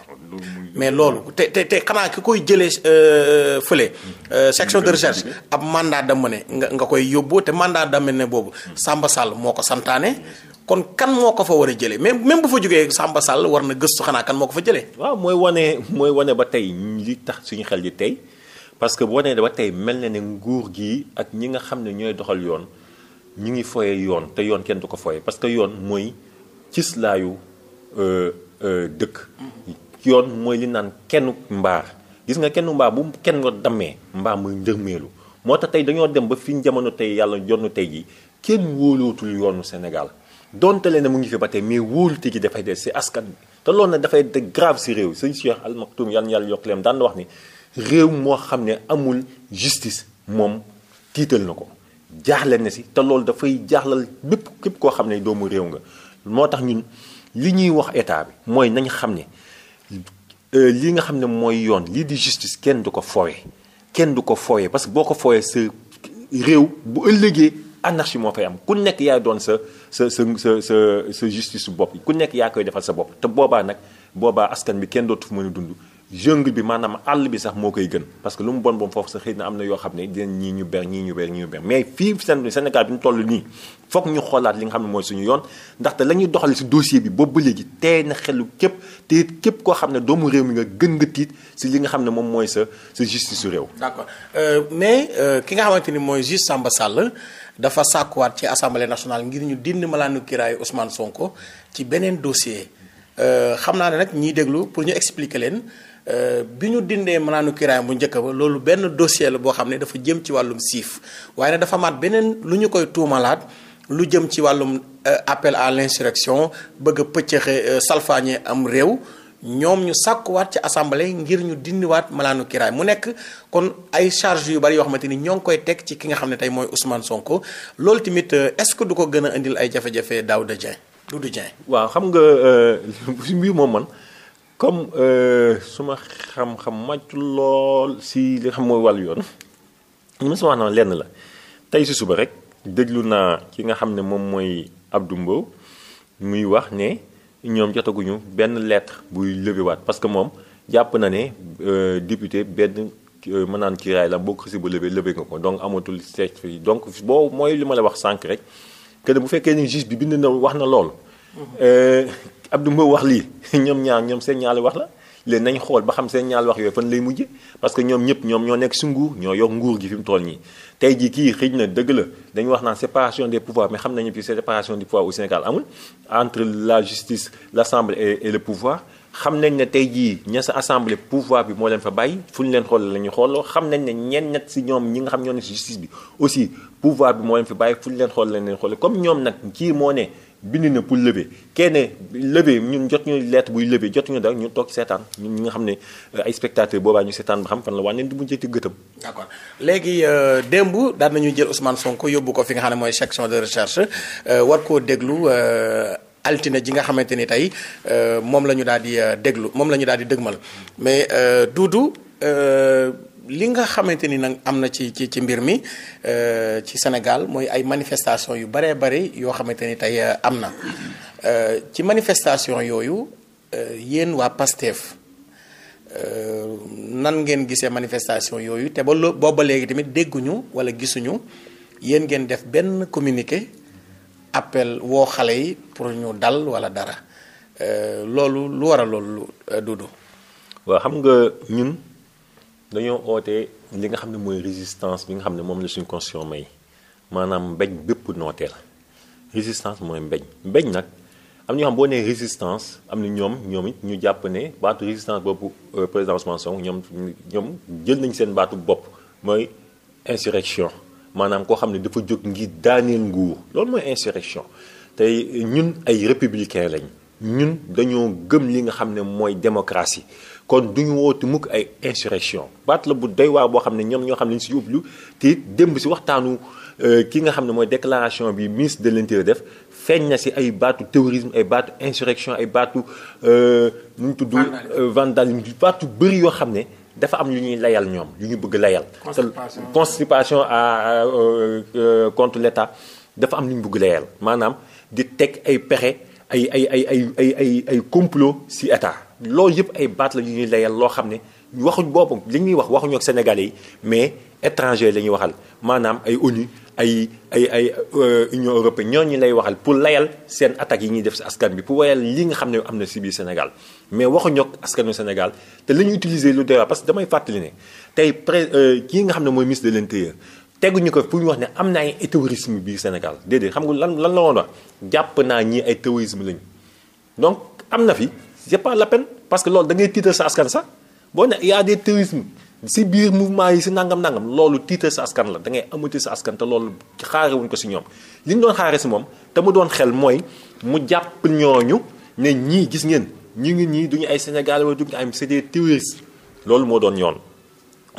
Speaker 1: mais loolu te te te xanaa ki koy jëlee fële section de recherche ab mandat d'amener ne nga koy yóbbu te mandat ne boobu Samba Sall moo ko santaane kon kan moo ko fa war a jëlee même même bu fa jógee Samba sàll war na gëstu xanaa kan moo ko fa jëlee. waaw mooy
Speaker 2: wane mooy wane ba tey li tax suñu xel yi tey parce que boo nee ba tey mel na ne nguur gi ak ñi nga xam ne ñooy doxal yoon ñu ngi foye yoon te yoon kenn du ko foye parce que yoon mooy cislaayu euh, euh, dëkk. yoon mooy li naan kenn mbaar gis nga kenn mbaa bu kenn nga dammee mbaar muy ndërmeelu moo tax tey dañoo dem ba fi jamono tey yàlla jonn tey ji kenn wóolootul yoonu Sénégal. donte leen mu ngi fi ba tey mais wóolute gi dafay des si askan bi te lool nag dafay de grave si réew sëñ Cheikh Al Maktoum yan yàlla yokk leen daan wax ni réew moo xam ne amul justice moom tiital na ko jaaxle na si te loolu dafay jaaxlal bépp képp koo xam ne doomu réew nga moo tax ñun li ñuy wax état bi mooy nañ xam ne euh, lii nga xam ne mooy yoon lii di justice kenn du ko foowe kenn du ko foowe parce que boo ko foowe si réew bu ëllëgee anarchie moo fay am ku nekk yaa doon sa sa sa sa sa sa justice su bopp ku nekk yaa koy defal sa bopp te boobaa nag boobaa askan bi kenn dootu fu mën a dund jungle bi maanaam àll bi sax moo koy gën parce que lu mu bon bon foofu sax xëy na am na yoo xam ne dinañ ñii ñu ber ñii ñu ber ñii ñu ber mais fii seen Sénégal bi ñu toll nii foog ñu xoolaat li nga xam ne mooy suñu yoon ndaxte lañuy ñuy doxale si dossier bi boobu ba léegi tey na xelu képp te it képp koo xam ne doomu réew mi nga gën nga tiit si li nga xam ne moom mooy sa sa justice su réew.
Speaker 1: d'accord euh, mais euh, ki nga xamante ni mooy juge Samba Sall dafa sàkkuwaat ci assemblée nationale ngir ñu dindi malaanu kiraayu Ousmane Sonko ci beneen dossier. Euh, xam naa ne nag ñiy déglu pour ñu expliquer leen euh, bi ñu dindee malaanu kiraay bu njëkk ba loolu benn dossier la boo xam ne dafa jëm ci wàllum siif waaye nag beneen lu ñu koy tuumalaat lu jëm ci wàllum euh, appel à l'insurrection bëgg a pëccëxe am réew ñoom ñu sàkkuwaat ci assemblée ngir ñu dindiwaat malaanu kiraay mu nekk kon ay charge yu bari yoo xamante ni ñoo ngi koy teg ci ki nga xam ne tey mooy Ousmane Sonko loolu tamit est-ce que du ko gën a indil ay jafe-jafe Daouda Dieng
Speaker 2: Doudou Dieng waaw xam nga euh, mbir moom man comme euh, suma xam-xam màcc lool si li xam mooy wàllu yoon li ma si wax na lenn la tey si suba rek déglu naa ki nga xam ne moom mooy Abdou Mbow muy wax ne ñoom jotaguñu benn lettre buy levewaat parce que moom jàpp na ne euh, député benn mën naan kiiraay la boo ko bu ba levé levé nga ko donc amatul certificat donc boo mooy li ma la wax sànq rek que bu fekkee ni juge bi bind na wax na lool euh, Abdou Mbow wax lii ñoom ñaar ñoom seen ñaari wax la léegi nañ xool ba xam seen ñaari wax yooyu fan lay mujj parce que ñoom ñëpp ñoom ñoo nekk si nguur ñoo yor nguur gi fi mu toll nii. tey jii kii xëj na dëgg la dañu wax naan séparation des pouvoirs mais xam nañu fi séparation du pouvoir au Sénégal amul entre la justice l'Assemblée et le pouvoir. xam nañ ne tey jii ña sa assemblée pouvoir bi moo leen fa bàyyi fu ñu leen xool la ñu xooloo xam nañ ne ñeen ñett si ñoom ñi nga xam ñoo ne si justice bi aussi pouvoir bi moo leen fi bàyyi fu ñu leen xool la leen xool comme ñoom nag kii moo ne bind na pour lever kenn lever ñun jot ñu lettre buy lever jot ñu ñu toog seetaan ñun ñi nga xam ne euh, ay spectateur boobaa ñu seetaan ba xam fan la wàññi di mujjee ci gëtëm.
Speaker 1: d'accord léegi euh, démb daan nañu jël Ousmane sonk yóbbu ko fi nga xam ne mooy section de recherche euh, war koo déglu. altine ji nga xamante ni tey euh, moom la ñu daal di euh, déglu moom la ñu daal di dëgmal mais euh, Doudou li nga xamante ni nag am na ci ci ci mbir mi ci Sénégal mooy ay manifestation yu baree bari yoo xamante ni tey am na ci manifestation yooyu yéen waa PASTEF nan ngeen gisee manifestation yooyu te ba booba léegi tamit dégguñu wala gisuñu yéen ngeen def benn communiqué appel woo xale yi pour ñu dal wala dara euh, loolu lu war a loolu euh, dudu waaw xam nga ñun dañoo ootee li nga xam ne mooy résistance bi nga xam
Speaker 2: ne moom la suñu constitution may maanaam mbéj bépp la résistance mooy mbéj mbéj nag am na ñoo xam boo ne résistance am na ñoom ñoom it ñu jàpp ne baatu résistance boobu euh, président Ousmane Sonko ñoom ñoom jël nañ seen baatu bopp mooy insurrection maanaam koo xam ne dafa jóg ngir daaneel nguur loolu mooy insurrection tey ñun ay républicain lañ ñun dañoo gëm li nga xam ne mooy démocratie kon duñu ñu woote mukk ay insurrection baat la bu doy waar boo xam ne ñoom ñoo xam ne ñu si yóbbu te it démb si waxtaanu euh, ki nga xam ne mooy déclaration bi ministre de l'intérieur def feeñ na si ay baatu terrorisme ay baatu insurrection ay baatu euh, nu ñu tudd vandalisme euh, baatu bëri yoo xam ne dafa am lu ñuy layal ñoom lu ñu bëgg layal. constipation constipation à euh, euh, contre l'État dafa am lu ñu bëgg layal maanaam di teg ay pexe ay ay ay ay ay ay ay complot ci État loolu yëpp ay baat la yu ñuy layal loo xam ne waxuñ boobu li ñuy wax waxuñu ak sénégalais yi mais étranger la ñuy waxal maanaam ay ONU. ay ay ay euh, Union ñoo ñooñu lay waxal pour layal seen attaques yi ñuy def si askan bi pour layal li nga xam ne am na si biir Sénégal mais waxuñu ak askanu Sénégal te la ñu utiliser lu doy parce que damay fàttali ne tey pré euh, kii nga xam ne mooy ministre de l'intérieur teguñu ko pour ñu wax ne am na ay terrorisme biir Sénégal déedéet xam nga lan lan la woon wax jàpp naa ñi ay terrorisme lañu donc am na fi c'est lappen la que loolu da ngay tiital sa askan sax boo ne ya a des terrorisme si biir mouvement yi si nangam nangam loolu tiital sa askan la da ngay amati sa askan te loolu xaarewuñ ko si ñoom li ñu doon xaare si moom te mu doon xel mooy mu jàpp ñooñu ne ñii gis ngeen ñu ngi ñii duñu ay Sénégal wala duñu ay c'est des terroristes loolu moo doon yoon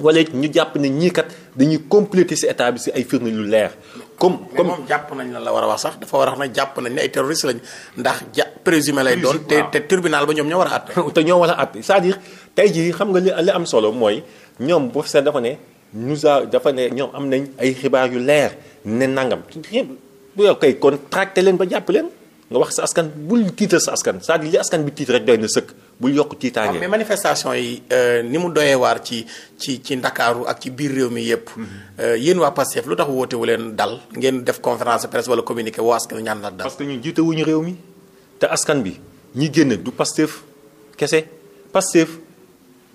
Speaker 2: wala ñu jàpp ne ñii kat dañuy compléter
Speaker 1: si état bi si ay firnde lu leer. comme comme jàpp nañ la la war wax sax dafa war a wax jàpp nañ ne ay terroristes lañ ndax ja présumé lay doon. te te tribunal ba ñoom ñoo war a àtte. te ñoo war a àtte c'est-à-dire
Speaker 2: tey jii xam nga li am solo mooy. ñoom boo seet dafa ne nous a dafa ne ñoom am nañ ay xibaar yu leer ne nangam bu yow kon contracté leen ba jàpp leen
Speaker 1: nga wax sa askan bul tiital sa askan cest à li askan bi tiit rek doy na sëkk bul yokk tiitaange. Ah, mais manifestation yi euh, ni mu doyee waar ci ci ci ndakaaru ak ci biir réew mi yëpp. Mhm. Euh, yéen waa Pastef lu tax woote leen dal ngeen def conférence de presse wala communiqué woo askan ñaan la dal. parce que ñun réew mi te askan bi ñi génn du Pastef kese Pastef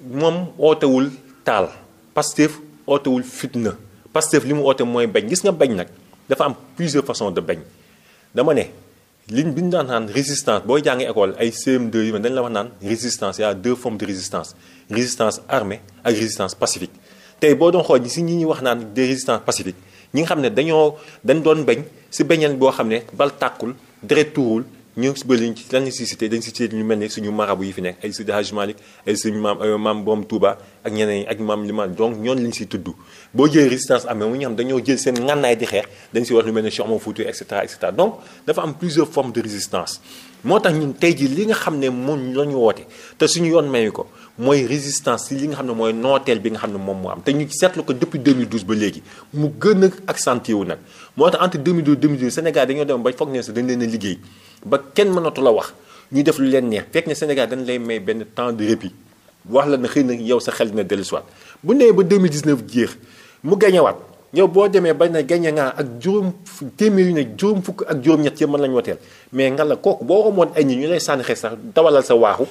Speaker 2: moom wootewul taal Pastef ootewul fitna Pastef li mu oote mooy bañ gis nga bañ nag dafa am plusieurs façons de bañ dama ne li bi ñu daan naan résistance booy jàngi école ay cm yu mel dañ la wax naan résistance y a deux formes de résistance résistance armée ak résistance pacifique tey boo doon xool ñi si ñi ñuy wax naan des résistance pacifique ñi nga xam ne dañoo dañ doon bañ si bañal boo xam ne bal tàkkul deret tuurul ñoo si bëri ci lan la si cité dañ si cité ñu mel ne suñu marabu yi fi nekk ay Seydi Hadji Malick ay suñu maam euh, maam borom Touba ak ñeneen ak maam Limam donc ñoon lañ siy tudd boo jëlee résistance amee mu ñu xam dañoo jël seen ngànnaay di xeex dañ si wax lu mel ne Cheikh Oumar Foutiyou et cetera et cetera donc dafa am plusieurs formes de résistance moo tax ñun tey jii li nga xam ne moom la ñu woote te suñu yoon mayu ko mooy résistance si li nga xam ne mooy nooteel bi nga xam ne moom moo am te ñu seetlu ko depuis 2012 ba léegi mu gën a accentué wu nag moo tax entre 2012 2012 Sénégal dañoo dem ba foog ne sax dañ leen a liggéey ba kenn mënatu la wax ñu def lu leen neex fekk ne Sénégal dañ lay may benn temps de répit wax la na xëy nag yow sa xel dina dellusiwaat bu nee ba 2019 jeex mu gañewaat yow boo demee bañ na gañe naa ak juróom téeméer yu ne juróom fukk ak juróom-ñett yëpp mën lañu woteel mais nga la kooku boo xamoon ay ñi ñu lay sànni xees sax dawalal sa waaxu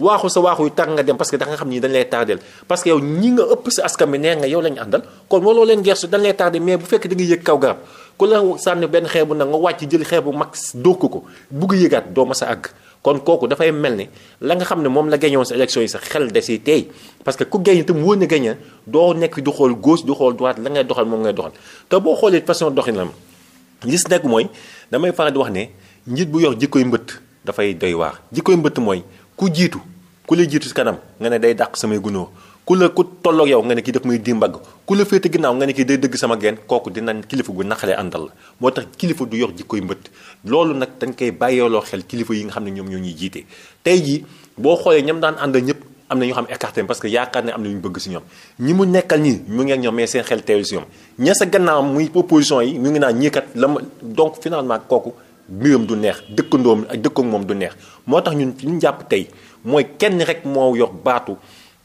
Speaker 2: waaxu sa waaxu yu tar nga dem parce que da nga xam ni dañ lay tardel parce que yow ñi nga ëpp si askan bi nee nga yow lañu àndal kon waroo leen gersu dañ lay tardé mais bu fekkee da nga yëg kaw garab ku la sànni benn xeer bu nag nga wàcc jël xeer bu mag dóor ko ko bugg yëgaat doo ma sa àgg kon kooku dafay mel ni la nga xam ne moom la gañoon sa élection yi sax xel de si tey parce que ku gañe tam wóor na gañe doo nekk du xool gauche du xool droite la ngay doxal moom ngay doxal te boo xoolee façon doxinam gis nekk mooy damay faral di wax ne njiit bu yor jikkoy mbëtt dafay doy waar jikkoy mbëtt mooy ku jiitu ku lay jiitu si kanam nga ne day dàq samay gunóor ku la ku tolloog yow nga ne kii daf muy di mbagg ku la féete nga ne kii day dëgg sama geen kooku dina kilifa gu naqaree àndal la moo tax kilifa du yor jikkoy mbëtt loolu nag dañ koy bàyyeeloo xel kilifa yi nga xam ne ñoom ñoo ñuy jiite tey jii boo xoolee ñam daan àndal ñëpp am na ñoo xam écarté parce que yaakaar ne am na ñu bëgg si ñoom ñi mu nekkal ñi mu ngi ak ñoom mais seen xel teewul si ñoom ña sa gannaaw muy opposition yi ñu ngi naan ñii kat la ma donc finalement kooku mbiram du neex dëkkandoom ak dëkkoog moom du neex moo tax ñun fi ñu jàpp tey mooy kenn rek moo yor baatu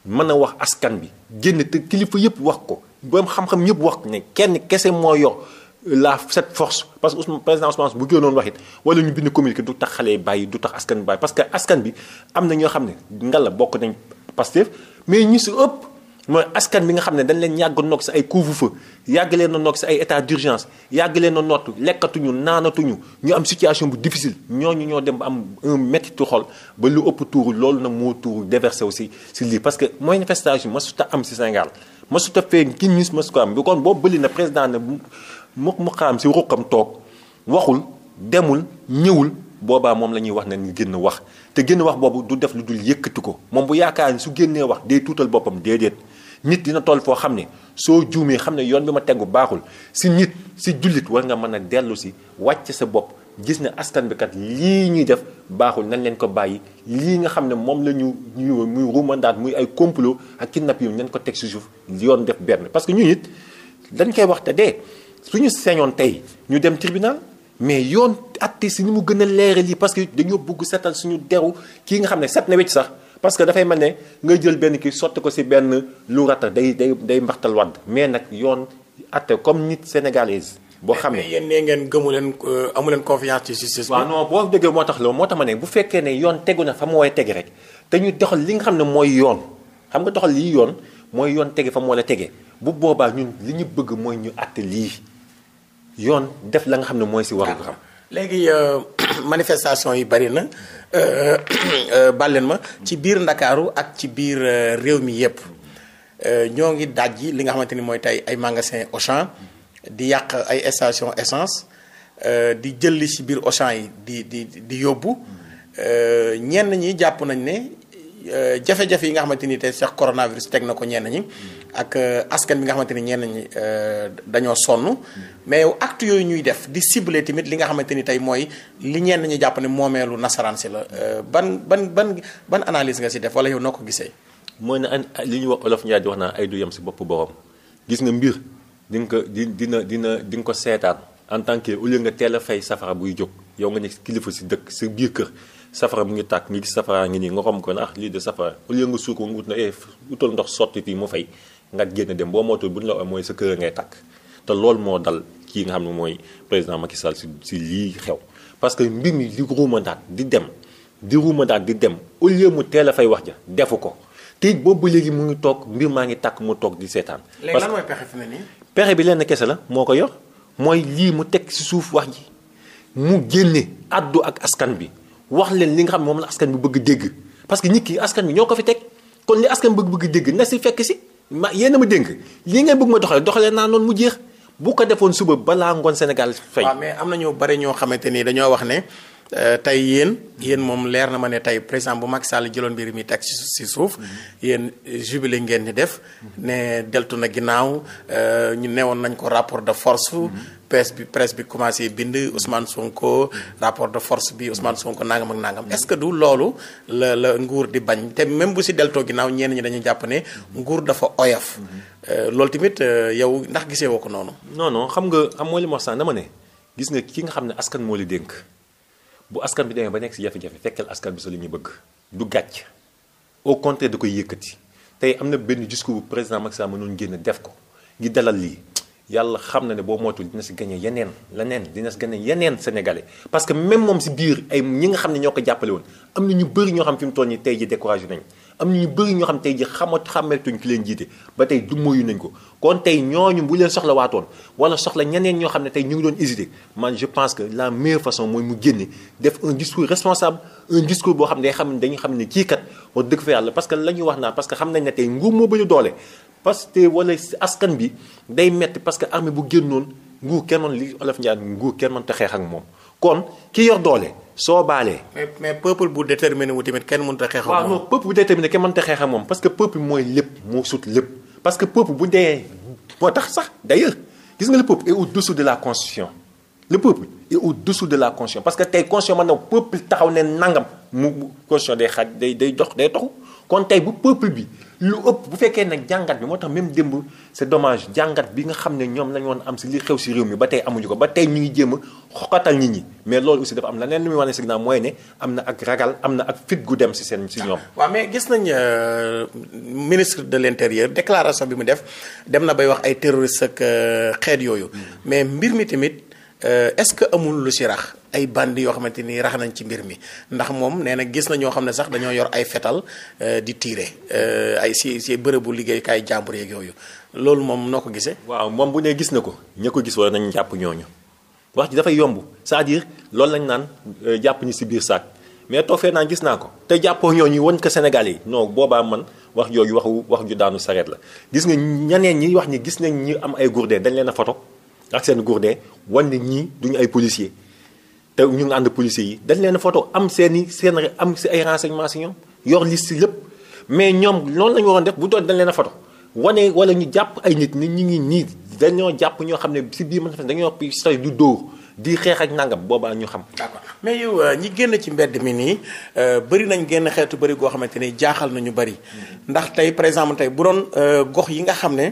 Speaker 2: mën a wax askan bi génn te kilifa yëpp wax ko boom xam-xam yëpp wax ne kenn kese moo yor la cette force parce que Ousmane président Ousmane bu génnoon wax it wala ñu bind communiqué du tax xale bàyyi du tax askan bi bàyyi parce que askan bi am na ñoo xam ne la bokk nañ Pastef mais ñi si ëpp. mooy askan bi nga xam ne dañ leen yàgg noog si ay couvre-feu yàgg leen a noog si ay état d'urgence yàgg leen a nottu lekkatuñu naanatuñu ñu am situation bu difficile ñooñu ñoo dem ba am un méttitu xol ba lu ëpp tuuru loolu nag moo tuuru déversé aussi si lii parce que mooy manifestation masut am si Sénégal masut a fee gin ñis masut ko am bi kon boobu bëli na président ne mu mu xaam si ruqam toog waxul demul ñëwul boobaa moom la ñuy wax ne ñu génn wax te génn wax boobu du def lu dul yëkkati ko moom bu yaakaar ni su génnee wax day tuutal boppam déedéet nit dina toll foo xam ne soo juumee xam ne yoon bi ma tegu baaxul si nit si jullit war nga mën a dellu si wàcce sa bopp gis ne askan bi kat lii ñuy def baaxul nañ leen ko bàyyi lii nga xam ne moom la ñu ñu muy ruumandaat muy ay complot ak kidnap yi nañ ko teg si suuf yoon def benn parce que ñu nit dañ koy wax te su ñu seeñoon tey ñu dem tribunal mais yoon atte si ni mu gën a leeral yi parce que dañoo bugg setal suñu deru kii nga xam ne set na wecc sax parce que dafay mel ne nga jël benn kii sotti ko si benn lu rata day day day mbaxtal wadd mais nag yoon atte comme nit sénégalise boo xam ne yéen nee ngeen gëmu leen euh, amu leen confiance ci justice. waaw non boo déggee moo tax loolu moo tax ma ne bu fekkee ne yoon tegu na fa mu way rek te ñu doxal li nga xam ne mooy yoon xam nga doxal lii yoon mooy yoon tege fa moo la tege bu boobaa ñun li ñu bëgg mooy ñu atte lii yoon def la nga xam ne mooy si war waru xam
Speaker 1: léegi euh, manifestation yi bari na. Euh, euh, euh, bàlleen ma ci biir ndakaaru ak ci biir réew mi yépp ñoo ngi dàjji li nga xamante ni mooy tey ay magasin Auchan di yàq ay station essence di jëlli ci biir Auchan yi di di di yóbbu ñenn ñi jàpp nañ ne jafe-jafe yi nga xamante ni tey sax coronavirus teg na ko ñenn ñi ak euh, askan bi nga xamante ni ñenn ñi euh, dañoo sonn mais yow acte yooyu ñuy def di cibler tamit li nga xamante ni tey mooy li ñenn ñi jàpp ne moomeelu nasaraan si la euh, ban ban ban ban analyse nga si def wala yow noo ko gisee. mooy ne li ñu wax olof Ndiaye di wax ay du yem si bopp borom gis nga mbir di nga ko di
Speaker 2: dina dina di nga ko seetaan en tant que au nga teel a fay safara buy jóg yow nga nekk kilifa si dëkk si biir kër. safara mu ngi tàkk nga gis safara ngi nii nga xam ko ne ah lii de safara au lieu nga suur ko nga ut na eh utal ndox sotti fii mu fay nga génn dem boo mootul bu ñu la oo mooy sa kër ngay takk te loolu moo dal kii nga xam ne mooy président Macky Sall si lii xew parce que mbir mi di ruumandaat di dem di ruumandaat di dem au lieu mu teel a fay wax ja defu ko te it boobu léegi mu ngi toog mbir maa ngi takk mu toog di seetaan. léegi lan
Speaker 1: mooy pexe fi ne nii.
Speaker 2: pexe bi lenn kese la moo ko yor mooy lii mu teg si suuf wax ji mu génne addu ak askan bi wax leen li nga xam ne moom la askan bi bëgg dégg parce que nit ki askan bi ñoo ko fi teg kon
Speaker 1: li dégg na si fekk ma yéen a ma dénk lii ngeen bëgg ma doxalee doxalee naa noonu mu jeex bu ko defoon suba balaa ngoon Sénégal fay. mais am na ñoo bari ñoo xamante ni dañoo wax ne euh, tey yéen yéen moom leer na ma ne tey président bu mag Sall jëloon mbir mi teg ci suuf mm-hmm. yéen euh, jubilé ngeen di def mm-hmm. ne deltu na ginnaaw euh, ñu newoon nañ ko rapport de force. Mm-hmm. presse bi presse bi commencé bind Ousmane Sonko rapport de force bi Ousmane Sonko nangam ak nangam est-ce que du loolu la la nguur di bañ te même bu si deltoo ginnaaw ñenn ñi dañu jàpp ne nguur dafa oyof. Euh, loolu tamit euh, yow ndax gisee woo ko noonu. non non xam nga xam moo li ma wax sànq dama ne gis nga ki nga xam ne askan moo li dénk bu
Speaker 2: askan bi demee ba nekk si jafe-jafe fekkal askan bi sa li ñu bëgg du gàcc au contraire da koy yëkkati tey am na benn discours bu président Macky Sall mënoon génn def ko ngi dalal lii. yàlla xam na ne boo moytul dina si gagné yeneen leneen dina si gagné yeneen sénégalais parce que même moom si biir ay ñi nga xam ne ñoo ko jàppale woon am na ñu bëri ñoo xam ne mu toll nii tey ji découragé nañ am na ñu bëri ñoo xam tey ji xamat xàmmeetuñ ki leen jiite ba tey du moyu nañ ko kon tey ñooñu bu leen soxla waatoon wala soxla ñeneen ñoo xam ne tey ñu ngi doon hésité man je pense que la meilleure façon mooy mu génne def un discours responsable un discours boo xam ne day xam dañu xam ne kii kat wax dëgg fa que la ñuy wax naa parce que xam nañ ne tey nguur moo doole Pastef wala askan bi day metti parce que armée bu génnoon nguur kenn man li olof Ndiaye nguur kenn man te xeex ak moom kon kii yor doole soo baalee. mais mais peuple bu déterminé wu tamit kenn mënut a xeex ak moom waaw non peuple bu déterminé kenn a xeex ak moom parce que peuple mooy lépp moo sut lépp parce que peuple bu dee moo tax sax d'ailleurs gis nga le peuple est au-dessous de la constition le peuple est au-dessous de la constitution parce que tey constitution man na peuple taxaw ne nangam mu constitution day xaaj day day jox day toxu kon tey bu peuple bi. lu ëpp bu fekkee nag jàngat bi moo tax même démb c'est domage jàngat bi nga xam ne ñoom lañ woon am si li xew si réew mi ba tey amuñu ko ba tey ñu ngi jéem a ñi ñi mais loolu aussi dafa am leneen lu muy wane signal mooy ne am na ak ragal am na ak fit gu dem si seen si ñoom.
Speaker 1: waaw mais gis nañ euh, ministre de l'intérieur déclaration bi mu def dem na bay wax ay terroristes ak euh, xeet yooyu mm. mais mbir mi tamit. Euh, est-ce que amul lu ci rax ay bandi yoo xamante ni rax nañ ci mbir mi ndax moom nee na gis na ñoo xam ne sax dañoo yor ay fetal euh, di tiire euh, ay si si bërëbu liggéeykaay jàmbur yeeg yooyu loolu moom noo ko gisee. waaw moom bu nee gis na ko
Speaker 2: ña ko gis wala nañ jàpp ñooñu wax ji dafay yomb cest à loolu lañ naan jàpp ñi si biir saak mais toofee naan gis naa ko te jàppoo ñooñu won ko Sénégal yi non boobaa man wax jooju waxu wax ju daanu sareet la gis nga ñeneen ñi wax ni gis nañ ñu am ay gourdin dañ leen a foto ak seen gourdin wan ne ñii duñu ay policier te ñu ngi ànd policiers yi dañ leen photo am seen i seen am si ay renseignements si ñoom yor liste yëpp mais ñoom loolu la wax waroon def bu doon dañ leen a wane wala ñu jàpp ay nit nit ñi ngi nii dañoo jàpp ñoo xam
Speaker 1: ne si biir man dañoo say du dóor di xeex ak nangam boobaa ñu xam. d'accord mais yow euh, ñi génn ci mbedd mi nii euh, bëri nañ génn xeetu bëri goo xamante ni jaaxal nañu bëri mm-hmm. ndax tey par exemple tey bu doon euh, gox yi nga xam ne.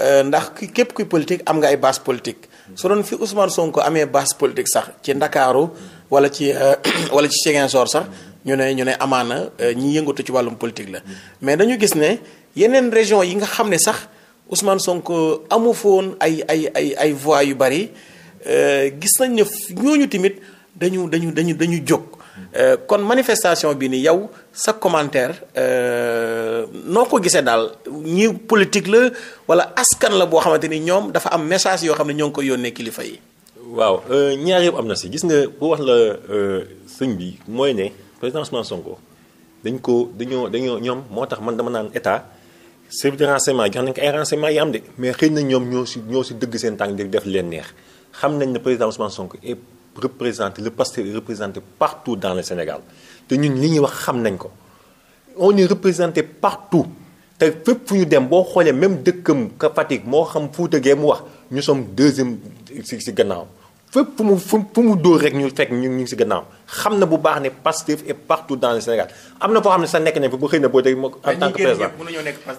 Speaker 1: Euh, ndax képp kuy politique am nga ay base politique su doon fi Ousmane Sonko amee base politique sax ci Ndakaaru wala ci euh, wala ci Ziguinchor sax ñu ne ñu ne amaana euh, ñi yëngatu ci wàllum politique la mais dañu gis ne yeneen région yi nga xam ne sax Ousmane sonk amu foon ay ay ay ay voix yu bari gis nañ ne ñooñu tamit dañu dañu dañu dañu jóg Euh, kon manifestation bi ni yow sa commentaire euh, noo ko gisee daal ñi politique la wala askan la boo xamante ni ñoom dafa am message yoo xam ne ñoo ngi koy yónnee kilifa yi.
Speaker 2: waaw euh, ñaar yëpp am na si gis nga bu wax la sëñ bi mooy ne président Ousmane Sonko dañ ko dañoo dañoo ñoom moo tax man dama naan état. service de renseignement jox nañ ko ay renseignement yi de mais xëy na ñoom ñoo si ñoo si dëgg seen tànk di def leen neex xam nañ ne président Ousmane Sonko est représenté le Pastef est représenté partout dans le Sénégal te ñun li ñuy wax xam nañ ko on est représenté partout te fépp fu ñu dem boo xoolee même dëkkam ka Fatick moo xam Fuuta gee mu wax ñu sommes deuxième si si gannaaw fépp fu mu mu dóor rek ñu fekk ñu ngi si gannaaw xam na bu baax ne Pastef est partout dans le Sénégal am na foo xam ne sa nekk nañ fa bu xëy na boo dégg moo en tant que président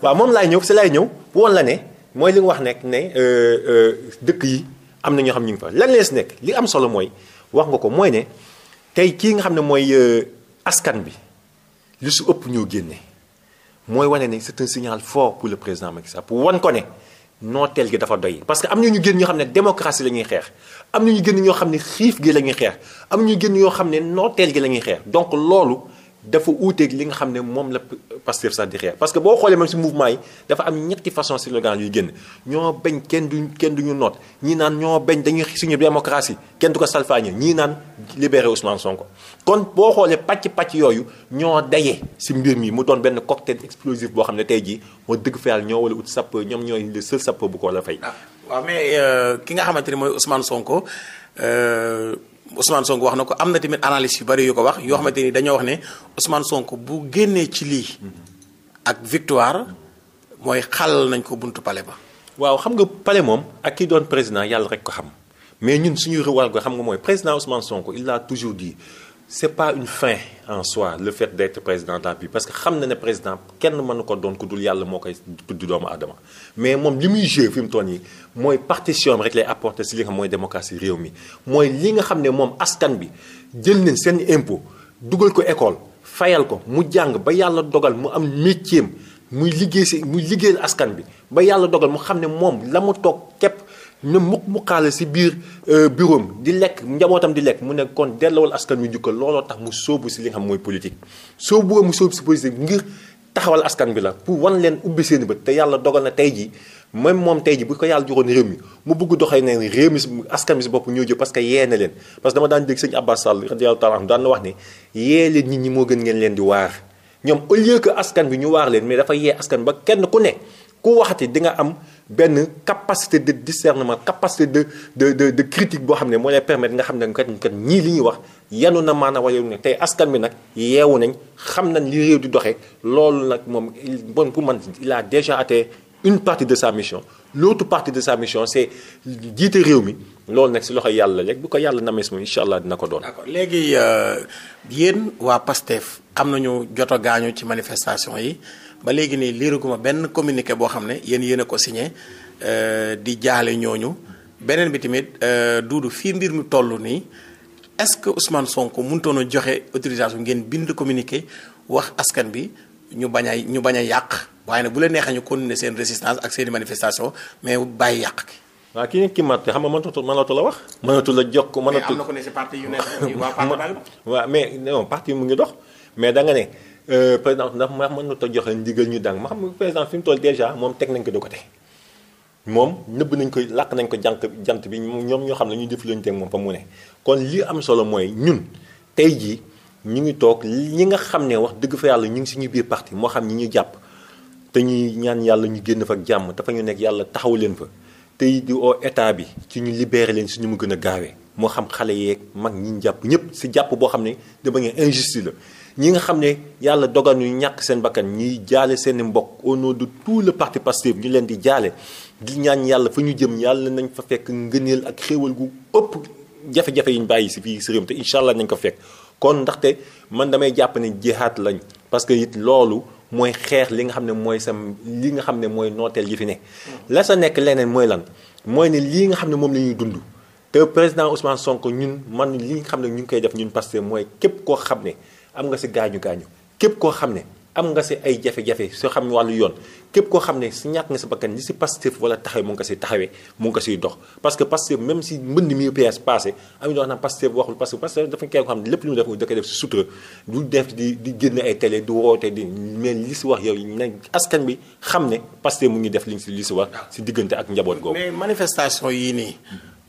Speaker 2: waaw moom laay ñëw si laay ñëw woon la ne mooy li nga wax nekk ne euh, euh, dëkk yi am na ñoo xam ñu ngi fa lan lees nekk li am solo mooy wax nga ko mooy ne tey kii nga xam ne mooy euh, askan bi lu su ëpp ñoo génne mooy wane ne c'est un signal pour le président Macky Sall pour wan ko ne nooteel gi dafa doy parce que am na ñu génn ñoo xam ne démocratie la ñuy xeex am na ñu génn ñoo xam ne xiif gi la ñuy xeex am ñu génn ñoo xam ne nooteel gi la ñuy xeex donc loolu dafa uuteeg li nga xam ne moom la Pastef sax di xeex parce que boo xoolee même si mouvement yi dafa am ñetti façon slogan yuy génn ñoo bañ kenn duñ kenn duñu noot ñii naan ñoo bañ dañuy suñu démocratie kenn du ko salfaañe ñii naan libéré Ousmane Sonko. kon boo xoolee pacc pàcc yooyu ñoo dayee si mbir mi mu doon benn cocktail explosif boo xam ne tey jii moo dëgg fa yàlla ñoo wala ut sapp ñoom ñooy le seul sapp bu ko la fay. Ah,
Speaker 1: waaw mais euh, ki nga xamante ni mooy Ousmane Sonko. Euh, Ousmane Sonko wax na ko am na tamit analyse yu bari yu ko wax yoo xamante ni dañoo wax ne Ousmane Sonko bu génnee ci lii ak victoire mooy xàll nañ ko buntu pale ba. waaw xam nga pale moom ak ki doon
Speaker 2: président yàlla rek ko xam mais ñun suñu rëwal go xam nga mooy président Ousmane Sonko il a toujours dit. c' est pas une fin en soi le fait d' être président de parce que xam na ne président kenn mënu ko doon ku dul yàlla moo koy du doomu aadama mais moom li muy joué fi mu nii mooy partition rek lay apporter si li nga xam mooy démocratie réew mooy li nga xam ne moom askan bi jël nañ seen impôt dugal ko école fayal ko mu jàng ba yàlla dogal mu am métier muy liggéey si muy liggéeyal askan bi ba yàlla dogal mu xam ne moom la mu toog képp ne mukk mukkaale si biir euh, bureau am di lekk njabootam di lekk mu ne kon delloowal askan wi njukkal looloo tax mu sóobu si li nga xam mooy politique sóobu mu sóobu si politique ngir taxawal askan bi la pour wan leen ubbi seen bët te yàlla dogal na tey jii même moom tey jii bu ko yàlla joxoon réew mi mu bëgg doxee ne réew mi askan bi si bopp ñëw jë parce que yee na leen parce que dama daan dégg sëñ Abbas Sall radiyallahu taala anhu daan wax ne yee leen nit ñi moo gën ngeen leen di waar ñoom au lieu askan bi ñu waar leen mais dafa yee askan ba kenn ku ne ku waxati di nga am benn capacité de discernement capacité de de de de critique boo xam ne moo lay permettre nga xam ne kat kat ñii li ñu wax yanu na maanaam wala yanu na tey askan bi nag yeewu nañ xam nañ li réew di doxee loolu nag moom bon pour man la a déjà atteint une partie de sa mission l'autre partie de sa mission c'est jiite réew mi loolu nag si loxo yàlla rek bu ko yàlla names moom incha allah dina ko doon. d'accord
Speaker 1: léegi euh, yéen waa PASTEF am nañu jot a gaañu ci manifestation yi. ba léegi nii liiraguma benn communiqué boo xam ne yéen yéen a ko signé euh, di jaale ñooñu beneen bi tamit euh, duudu fii mbir mi toll nii est-ce que Ousmane Sonko mënutoon a joxe autorisation ngeen bind communiqué wax askan bi ñu bañ a ñu bañ yàq waaye ne bu la neexee ñu continuer seen résistance ak seen manifestation mais bàyyi yàq ki waaw ki nit ki matte xam nga mënatu mënatu la wax. mënatul la jox ko mënatu mais am na ko ne si parti yu ne waa parti
Speaker 2: waaw mais non parti mu ngi dox mais da nga ne. Euh, président ndax ma mën na ko joxe ndigal ñu dang ma xam nga président fi mu toll dèjà moom teg nañ ko de côté moom nëbb nañ ko làkk nañ ko jànk jant bi ñoom ñoo xam ne ñu def lañu teg moom fa mu ne kon li am solo mooy ñun tey jii ñu ngi toog ñi nga xam ne wax dëgg fa yàlla ñu ngi suñu biir parti moo xam ñi ñu jàpp te ñuy ñaan yàlla ñu génn fa ak jàmm dafa ñu nekk yàlla taxaw leen fa tey di oo état bi ci ñu libéré leen ñu mu gën a gaawee moo xam xale yeeg mag ñi jàpp ñëpp si jàpp boo xam ne dama ngeen injustice la ñi nga xam ne yàlla dogal ñu ñàkk seen bakkan ñiy jaale seen mbokk au nom de tout le parti Pastef ñu leen di jaale di ñaan yàlla fa ñu jëm yàlla nañ fa fekk ngëneel ak xéewal gu ëpp jafe-jafe yi ñu bàyyi si fii si réew te incha allah nañ ko fekk kon ndaxte man damay jàpp ne jihaat lañ parce que it loolu mooy xeex li nga xam ne mooy sam li nga xam ne mooy nooteel yi fi ne la sa nekk leneen mooy lan mooy ne lii nga xam ne moom la ñuy dund te président Ousmane Sonko ñun man li nga xam ne ñu ngi koy def ñun parce que mooy képp koo xam ne am nga si gaañu gaañu képp koo xam ne am nga si ay jafe-jafe soo xam wàllu yoon képp koo xam ne si ñàkk nga si bakkan li si Pastef wala taxawee mu ngi ko si taxawee mu ngi ko dox parce que même si mbënd mi PS passé am na ñoo xam ne Pastef waxul parce que Pastef dafa kenn ko xam ne mu def da di di génn ay télé du woote di mais li si wax yow na
Speaker 1: askan bi xam ne Pastef mu ngi def li si si wax si diggante ak njaboot googu mais manifestation yii nii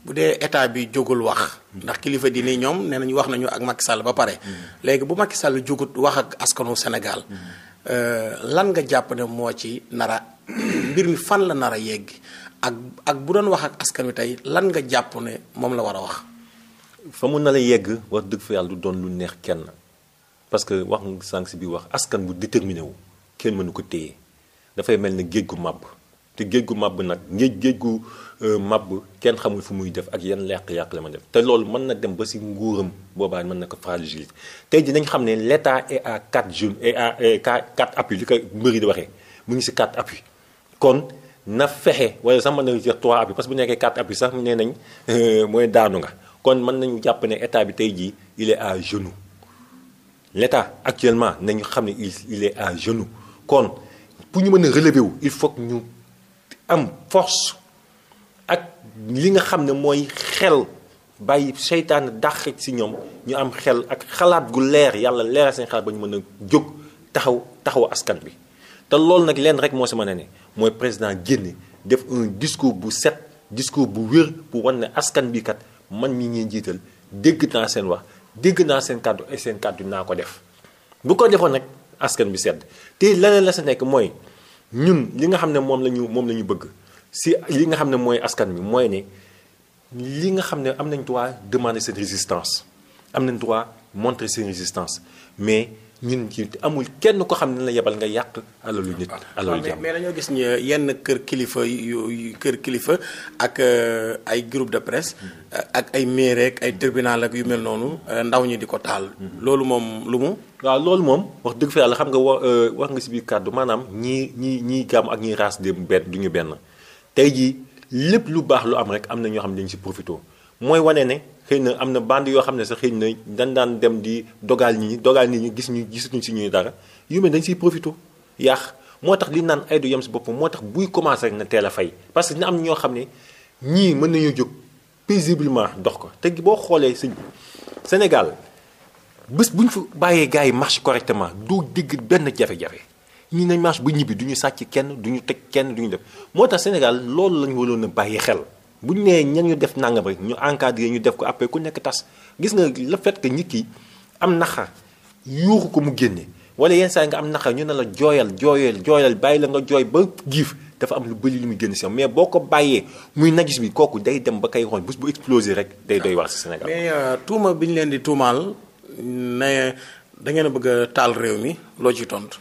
Speaker 1: bu dee état bi jógul wax ndax kilifa di nii ñoom nee nañu wax nañu ak Macky Sall ba pare léegi bu Macky Sall jógut wax ak askanu Sénégal euh, lan nga jàpp ne moo ci nara mbir mi fan la nara yegg ak ak bu doon wax ak askan wi tey lan nga jàpp ne moom la war a wax.
Speaker 2: fa mu na la yegg wax dëgg fa yàlla du doon lu neex kenn parce que wax nga sànq bi wax askan bu déterminé wu kenn mënu ko téye dafay mel ne géej gu màbb. te géej gu màbb nag géej géej gu euh, màbb kenn xamul fu muy def ak yan yàq-yàq la ma def te loolu mën na dem ba si nguuram boobaa mën na ko fragiliser tey ji nañ xam ne l' état est à quatre jeunes et à euh, quatre appuis li ko mbër yi di waxee mu ngi si quatre appuis kon na fexe wala sax mën nañu jeex trois appuis parce que bu nekkee quatre appuis sax nee nañ euh, mooy daanu nga kon mën nañu jàpp ne état bi tey jii il est à genoux l' état actuellement nañu xam ne il il est à kon am force ak li nga xam ne mooy xel bàyyi seytaan dàq ci ñoom ñu am xel ak xalaat gu leer yàlla leeral seen xalaat ba ñu mën a jóg taxaw taxaw askan bi te loolu nag leen rek moo si mën a ne mooy président génne def un discours bu set discours bu wér bu wan ne askan bi kat man mi ngeen jiital dégg naa seen wax dégg naa seen kàddu ay seen kàddu naa ko def bu ko defoon nag askan bi sedd te leneen la sa nekk mooy ñun li nga xam ne moom la ñu moom la ñu bëgg si li nga xam ne mooy askan bi mooy ne li nga xam ne am nañ droit demander seen résistance am nañ droit montrer seen résistance mais ñun ci amul kenn ko xam ne na yebal nga yàq alalu nit ah, alalu jàmm
Speaker 1: mais dañoo gis ñu yenn kër kilifa yu kër kilifa ak euh, ay groupe de presse mm-hmm. ak ay maire rek ay tribunal ak yu mel noonu euh, ndaw ñi di ko taal mm-hmm. loolu moom lu mu waaw loolu moom wax dëgg fi yàlla xam nga wa euh, wax nga si biir kàddu maanaam ñii
Speaker 2: ñii ñii gàmm ak ñii raas dem benn du ñu benn tey jii lépp lu baax lu am rek am na ñoo xam ne dañu si profité mooy wane ne xëy na am na bande yoo xam ne sax xëy na dañ daan dem di dogal nit ñi dogal nit ñi gis ñu gisatuñ si ñuy dara yu mel dañ siy profité yàq moo tax li naan ay du yam si boppam moo tax buy commencé na teel a fay parce que dina am ñoo xam ne ñii mën nañu jóg paisiblement dox ko te boo xoolee sëñ Sénégal bés bu ñu fa bàyyee gars yi marche correctement doo dégg benn jafe-jafe ñii nañ marche bu ñibbi duñu sàcc kenn du ñu teg kenn du ñu def moo tax Sénégal loolu la ñu a bàyyi xel. bu ñu nee ñan ñu def nangam rek ñu encadré ñu def ko après ku nekk tas gis nga le fait que nit ki am naxa yuuxu ko mu génne wala yenn saa nga am nax ñu ne la jooyal jooyal jooyal bàyyi la nga jooy ba giif dafa am lu bëri lu mu génn si mais boo ko bàyyee muy najis bi kooku day dem ba kay roñ bu explosé rek day doy wax si Sénégal.
Speaker 1: mais euh, tuuma bi ñu leen di tuumaal ne da ngeen bëgg taal réew mi loo ci tontu.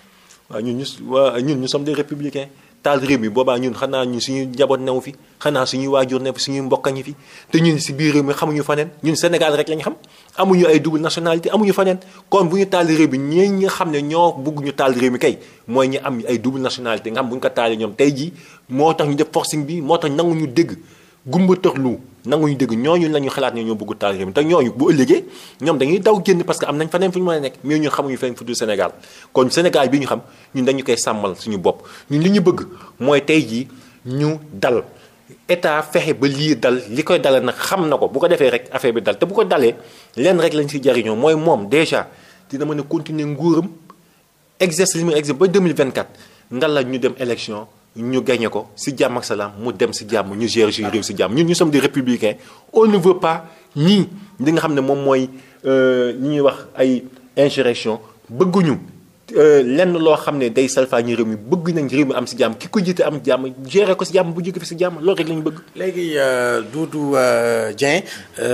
Speaker 1: waaw ñu waa ñun ñu som
Speaker 2: des républicains. taal réew mi boobaa ñun xanaa suñu njaboot newu fi xanaa suñu waajur newu fi suñuy mbokk ñi fi te ñun si biir réew mi xamuñu faneen ñun Sénégal rek lañ xam amuñu ay double nationalité amuñu faneen kon bu ñu taal réew mi ñi nga xam ne ñoo bëgg ñu taal réew mi kay mooy ñu am ay double nationalité nga xam bu ñu ko taalee ñoom tey jii moo tax ñu def forcing bi moo tax nanguñu dégg gumba tax lu nangu nanguñu dégg ñooñu la ñu xalaat ne ñoo bëgg taal réew mi te bu ëllëgee ñoom dañuy daw génn parce que am nañ faneen fu ñu mën a nekk mais ñun xamuñu feneen fu Sénégal kon Sénégal bi ñu xam ñun dañu koy sàmmal suñu bopp ñun li ñu bëgg mooy tey jii ñu dal état fexe ba lii dal li koy dale nag xam na ko bu ko defee rek affaire bi dal te bu ko dalee leen rek lañ si jariñoo mooy moom déjà dina mën a continuer nguuram exerce li muy exerce ba 2024 ngal la ñu dem élection ñu gagné ko si jàmm ak salaam mu dem si jàmm ñu gérer suñu réew si jàmm ñu sommes des républicains on ne veut pas ñii li nga xam ne moom mooy ñi euh, ñuy wax ay insurrection bëgguñu. Euh, lenn loo xam ne day ñu réew mi bëgg nañ
Speaker 1: réew mi am si jàmm ki ko jiite am jàmm gérer ko si jàmm bu jóge fi si jàmm loolu rek lañu bëgg. léegi euh, Doudou euh, Dieng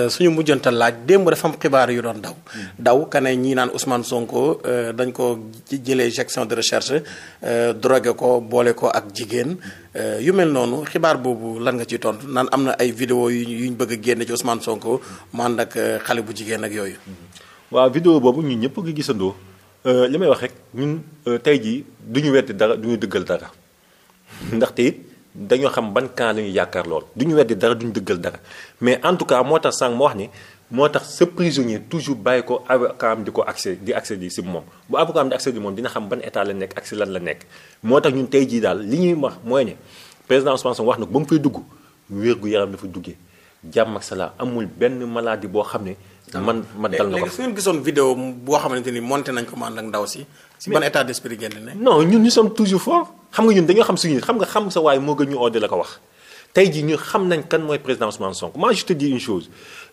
Speaker 1: suñu mujjantal laaj démb dafa am xibaar yu doon daw. Hmm. daw ka ne ñii naan Ousmane Sonko dañ ko jëlee section de recherche drogué ko boole ko ak jigéen yu mel noonu xibaar boobu lan nga ciy tontu naan am na ay vidéo yu ñu bëgg a génne ci Ousmane Sonko mu ak xale bu jigéen ak yooyu. Hmm. waaw vidéo
Speaker 2: boobu ñun ñëpp a gisandoo. Euh, li may wax rek ñun euh, tey jii du ñu dara du ñu dëggal dara ndaxte it dañoo xam ban camp la ñuy yaakaar lool du ñu weddi dara du ñu dëggal dara mais en tout cas moo tax sànq moo wax ni moo tax sa prisonnier toujours bàyyi ko avocat di ko accès di accès di si moom bu avocat am di accès di moom dina xam ban état la nekk ak si lan la nekk moo tax ñun tey jii daal li ñuy wax mooy ne président Ousmane wax na ko ba mu fay dugg wér gu yaram dafa duggee
Speaker 1: jàmm ak salaam amul benn maladie boo xam ne. Ah. man man dal na ko léegi su ngeen gisoon vidéo boo xamante ni monté nañ ko ma ànd ak ndaw si. si ban état d'esprit ngeen ne. non
Speaker 2: ñun ñu soon toujours fort xam nga ñun dañoo xam suñu xam nga xam sa waay moo gën ñu oo la ko wax. tey jii ñu xam nañ kan mooy président Ousmane Sonko moi je te dis une chose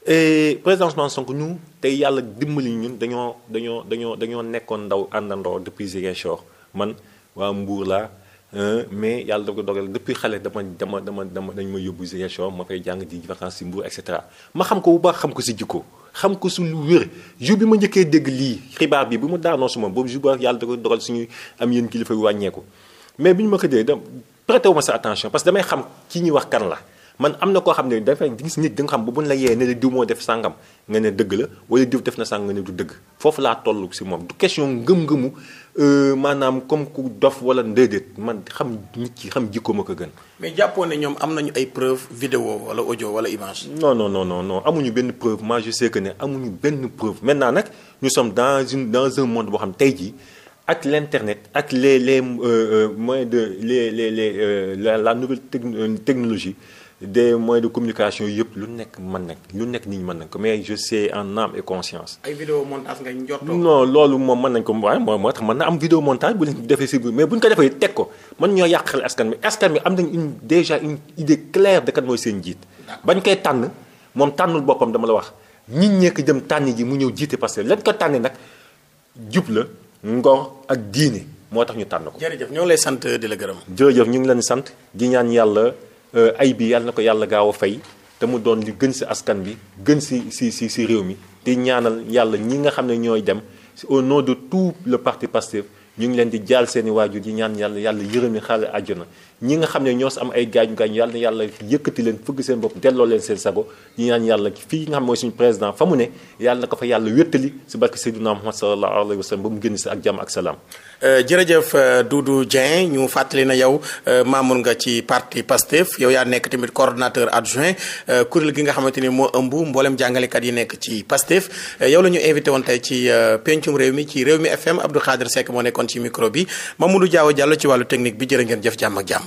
Speaker 2: et eh, président Ousmane ñu tey yàlla dimbali ñun dañoo dañoo dañoo dañoo nekkoon ndaw àndandoo depuis Ziguinchor man waa Mbour laa. Euh, mais yàlla da ko dogal depuis xale dama dama dama dama dañ ma yóbbu Ziguinchor ma fay jàng di vacances si Mbour et cetera ma xam ko bu baax xam ko si jikko xam ko su lu wér jour bi ma njëkkee dégg lii xibaar bi bu ma daanoo suma boobu jour ba yàlla da ko dogal suñu am yéen kilifa yu wàññeeku mais bi ñu ma ko dee dem prêté wu ma sa attention parce que damay xam ki ñuy wax kan la man am na koo xam ne dafay gis nit da nga xam bu bun la yee ne la diw moo def sàngam nga ne dëgg la wala diw def na sàngam nga ne du dëgg foofu laa toll si moom du question ngëm-ngëmu euh, maanaam comme ku dof wala ndéedéet man xam nit ki xam jikko ma ko gën. mais jàppoo ne ñoom am nañu ay preuve vidéo wala ojo wala image. no non non non non amuñu benn preuve ma je sais que ne amuñu benn preuve maintenant nag nous sommes dans une dans un monde boo xam tey jii. ak l' ak les les euh, euh, moyens de les les les la nouvelle technologie des moyens de communication yëpp lu nekk mën nag lu nekk nit ñi mën nañ ko mais je sais en âme et conscience.
Speaker 1: ay vidéo montage nga njortoo.
Speaker 2: loolu moom mën nañ ko waaye mooy moo tax mën na am vidéo montage bu leen defee si biir mais bu ñu ko defee teg ko mën ñoo yàqal askan bi askan mi am nañ une déjà une idée claire de kan mooy seen jiit. bañ koy tànn moom tànnul boppam dama la wax nit ñee ko dem tànn ji mu ñëw jiite parce que lañ ko tànnee nag jub la ngor ak diine moo tax ñu tànn ko.
Speaker 1: jërëjëf ñoo ngi lay sant di la gërëm.
Speaker 2: jërëjëf ñu ngi leen sant di yàlla Euh, ay bi yàlla na ko yàlla gaaw a fay te mu doon li gën si askan bi gën si si si si réew mi te ñaanal yàlla ñi nga xam ne ñooy dem au nom de tout le parti Pastef ñu ngi leen di jaal seeni waajur yi ñaan yàlla yàlla yërëm yi xaale àjjana ñi nga xam ne ñoo si am ay gaañu gaañu yàlla yàlla yëkkati leen fëgg seen bopp delloo leen seen sago ñu ñaan yàlla fii nga xam mooy suñu président fa mu ne yàlla na ko fa yàlla wéttali si barke Seydina
Speaker 1: Muhammad sallallahu alayhi wa sallam ba mu génn si ak jàmm salaam Euh, jërëjëf euh, Doudou Dieng ñu fàttali na yow euh, membre nga ci parti PASTEF yow yaa nekk tamit coordonnateur adjoint kuréel gi nga xamante ni moo ëmb mboolem jàngalekat yi nekk ci PASTEF yow la ñu invité woon tey ci pencum réew mi ci réew mi FM Abdou Khadir Seck moo nekkoon ci micro bi Mamadou Diaw Diallo ci wàllu technique bi jërë ngeen jëf jàmm ak jàmm.